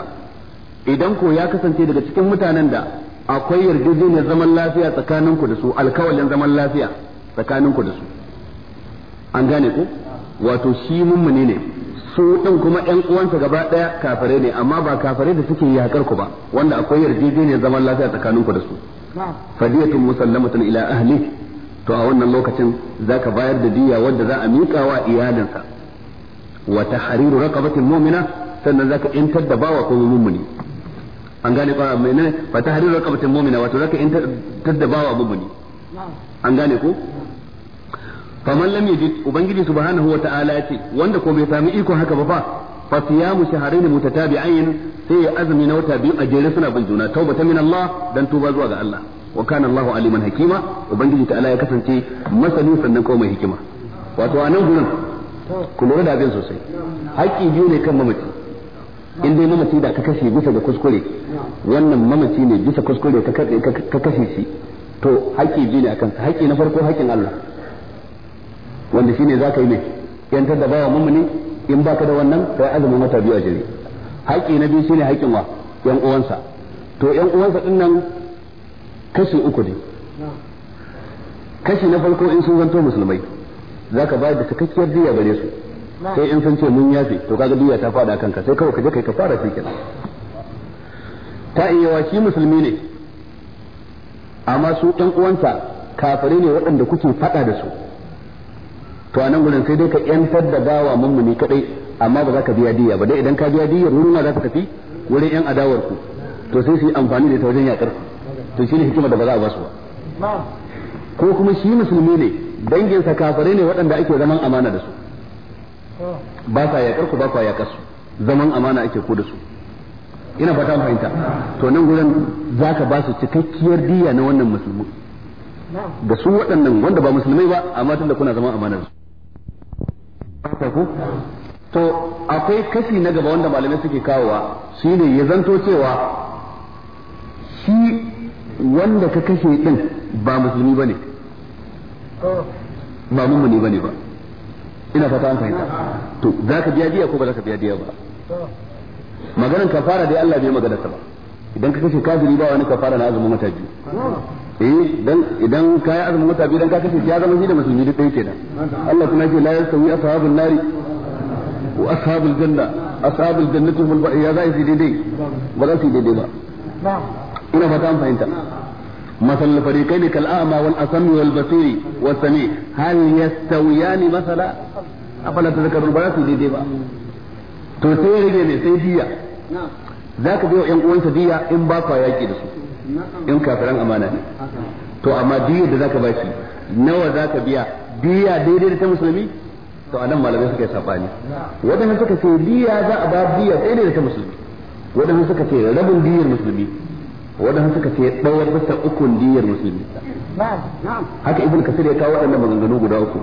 idan ko ya kasance daga cikin mutanen da akwai yarjejeniyar zaman lafiya tsakaninku da su alkawalin zaman lafiya tsakaninku da su an gane ku wato shi mummuni ne su ɗin kuma ƴan uwansa gaba ɗaya kafare ne amma ba kafare da suke yakar ku ba wanda akwai yarjejeniyar zaman lafiya tsakanin ku da su fadiyatun musallamatun ila ahli to a wannan lokacin zaka bayar da diya wanda za a miƙa wa iyalinsa wa tahriru raqabatin mu'mina sannan zaka intar da bawa ko mu'mini an gane ba menene fa tahriru raqabatin mu'mina wato zaka intar da bawa mu'mini an gane ko faman lam yajid ubangiji subhanahu ya yace wanda ko bai sami iko haka ba fa fa siyamu shahrayn mutatabi'ain sai ya azumi na wata biyu a jere suna bin juna ta min Allah dan tuba zuwa ga Allah wa kana Allah aliman hakima ubangiji ta'ala ya kasance masani sannan ko mai hikima wato a nan gurin ku lura da abin sosai haƙƙi biyu ne kan mamaci in dai mamaci da ka kashe bisa da kuskure wannan mamaci ne bisa kuskure ka kashe shi to haƙƙi biyu ne akan haƙƙi na farko haƙƙin Allah wanda shine zaka yi mai yantar da bawa mumuni in baka da wannan kai azumin wata biyu a jere haƙi na biyu shine haƙin wa yan uwansa to yan uwansa din nan kashi uku ne kashi na farko in sun zanto musulmai zaka bayar da cikakkiyar diya gare su sai in sun ce mun yafe to kaga diya ta fada kanka sai kawai ka je kai ka fara kenan ta iya shi musulmi ne amma su ɗan uwansa kafare ne waɗanda kuke faɗa da su to a nan gudun sai dai ka yantar da bawa mummuni kadai amma ba za ka biya diya ba dai idan ka biya diya wurin za ka tafi wurin yan adawar ku to sai su yi amfani da ita wajen yakar ku to shine hikima da ba za a basu ba ko kuma shi musulmi ne dangin sa kafare ne waɗanda ake zaman amana da su oh. ba sa yakar ku ba sa yakar su zaman amana ake ku da su ina fata fahimta to nan za zaka ba su cikakkiyar diya na wannan musulmi da su waɗannan wanda ba musulmai ba amma tunda kuna zama amanar su ko to akwai kashi na gaba wanda malamai suke kawowa shine ya zanto cewa shi wanda ka kashe din ba musulmi bane ba mummuni bane ba ina fata an fahimta to za ka biya biya ko ba za ka biya biya ba fara kafara dai Allah bai magana ta ba idan ka kashe kafiri ba wani kafara na azumin mataji eh dan idan ka yi azumin wata biyu dan ka kasance ya zama shi da musulmi duk ɗaya kenan Allah kuma yake la yastawi ashabun nari wa ashabul janna ashabul jannati hum ya za su daidai ba za su daidai ba ina fata an fahimta مثل الفريقين كالأعمى والأسم والبصير والسميع هل يستويان مثلا أفلا تذكرون بلا سيدي ديبا تسير جميع سيدية ذاك بيو ينقوان سيدية إن باقا يأكي دسو in kafiran amana ne to amma diya da zaka bashi nawa zaka biya diya daidai da ta musulmi to anan malamai suka yi sabani wadannan suka ce diya za a ba diya daidai da ta musulmi wadannan suka ce rabin diyar musulmi wadannan suka ce dawar bisa ukun diyar musulmi haka ibn kasir ya kawo waɗannan maganganu guda uku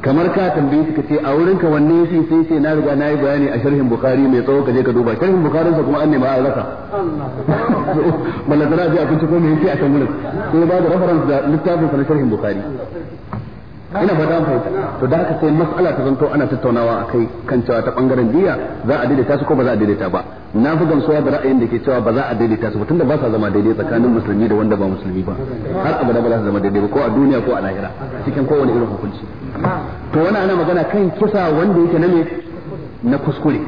kamar ka tambaye su ce a wurin ka wanne shi sai ce na riga nayi bayani a sharhin bukhari mai tsawo kaje ka duba sharhin bukharin sa kuma an nema a rasa balla tana ji a kunci ko me yake a kan wurin sai ba da reference da littafin sa na sharhin bukhari ina ba da fahimta to da haka sai mas'ala ta zanto ana tattaunawa akai kan cewa ta bangaren biya za a daidaita su ko ba za a daidaita ba na fi gamsuwa da ra'ayin da ke cewa ba za a daidaita su tunda ba sa zama daidai tsakanin musulmi da wanda ba musulmi ba har abada ba za su zama daidai ba ko a duniya ko a lahira cikin kowane irin hukunci to wani ana magana kan kisa wanda yake na me na kuskure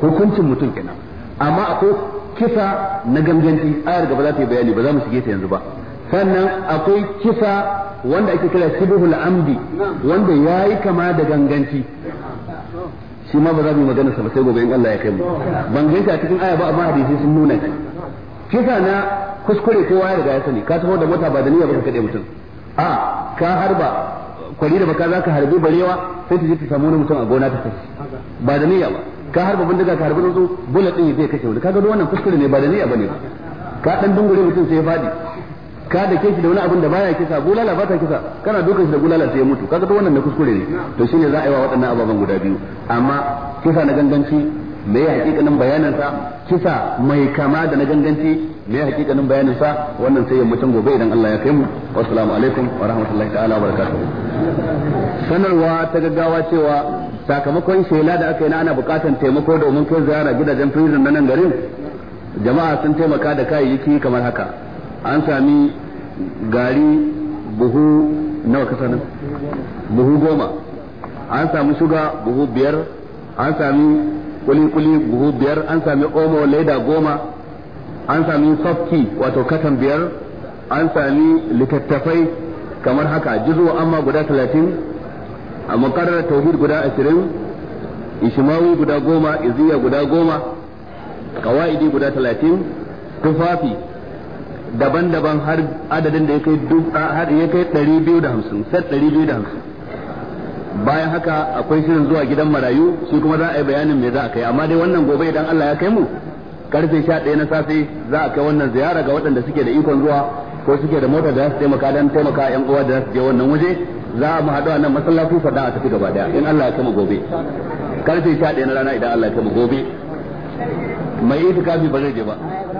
hukuncin mutum kenan amma akwai kisa na ganganci ayar gaba za ta yi bayani ba za mu shige ta yanzu ba sannan akwai kisa wanda ake kira shibhul amdi wanda yayi kama da ganganci shi ma ba za mu yi magana sa sai gobe in Allah ya kai mu ban ganta cikin aya ba amma hadisi sun nuna shi kisa na kuskure kowa ya riga ya sani ka tafi da mota ba da niyya ba ka kade mutum a ka harba kwari da baka zaka harbi barewa sai ta je ta samu wani mutum a gona ta kashe ba da niyya ba ka harba bindiga ka harbi tsuntsu bullet din zai kashe wani kaga wannan kuskure ne ba da niyya bane ka dan dungure mutum sai ya fadi ka da kishi da wani abin da baya kisa bulala ba ta kisa kana dukan shi da bulala sai ya mutu kaga to wannan na kuskure ne to shine za a yi wa waɗannan ababen guda biyu amma kisa na ganganci me ya hakikanin bayanin sa kisa mai kama da na ganganci me ya hakikanin bayanin sa wannan sai ya mutu gobe idan Allah ya kai mu assalamu alaikum wa rahmatullahi ta'ala wa barakatuh sanarwa ta gaggawa cewa sakamakon shela da aka yi na ana bukatar taimako domin kai ziyara gidajen prison na nan garin jama'a sun taimaka da kayayyaki kamar haka an sami gari buhu nawa kasa nan buhu goma an sami shuga buhu biyar an sami kuli buhu biyar an sami omo leda goma an sami sofki wato katan biyar an sami litattafai kamar haka jizo amma guda talatin a makarar tauhid guda ashirin ishimawi guda goma iziya guda goma kawaidi guda talatin tufafi daban-daban har adadin da ya kai har ya kai 250 set 250 bayan haka akwai shirin zuwa gidan marayu shi kuma za a yi bayanin me za a kai amma dai wannan gobe idan Allah ya kai mu karfe 11 na safe za a kai wannan ziyara ga waɗanda suke da ikon zuwa ko suke da mota da za su taimaka dan taimaka yan uwa da za su je wannan waje za mu haɗu a nan masallaci faɗa a tafi gaba daya in Allah ya kai mu gobe karfe 11 na rana idan Allah ya kai mu gobe mai itikafi ba zai je ba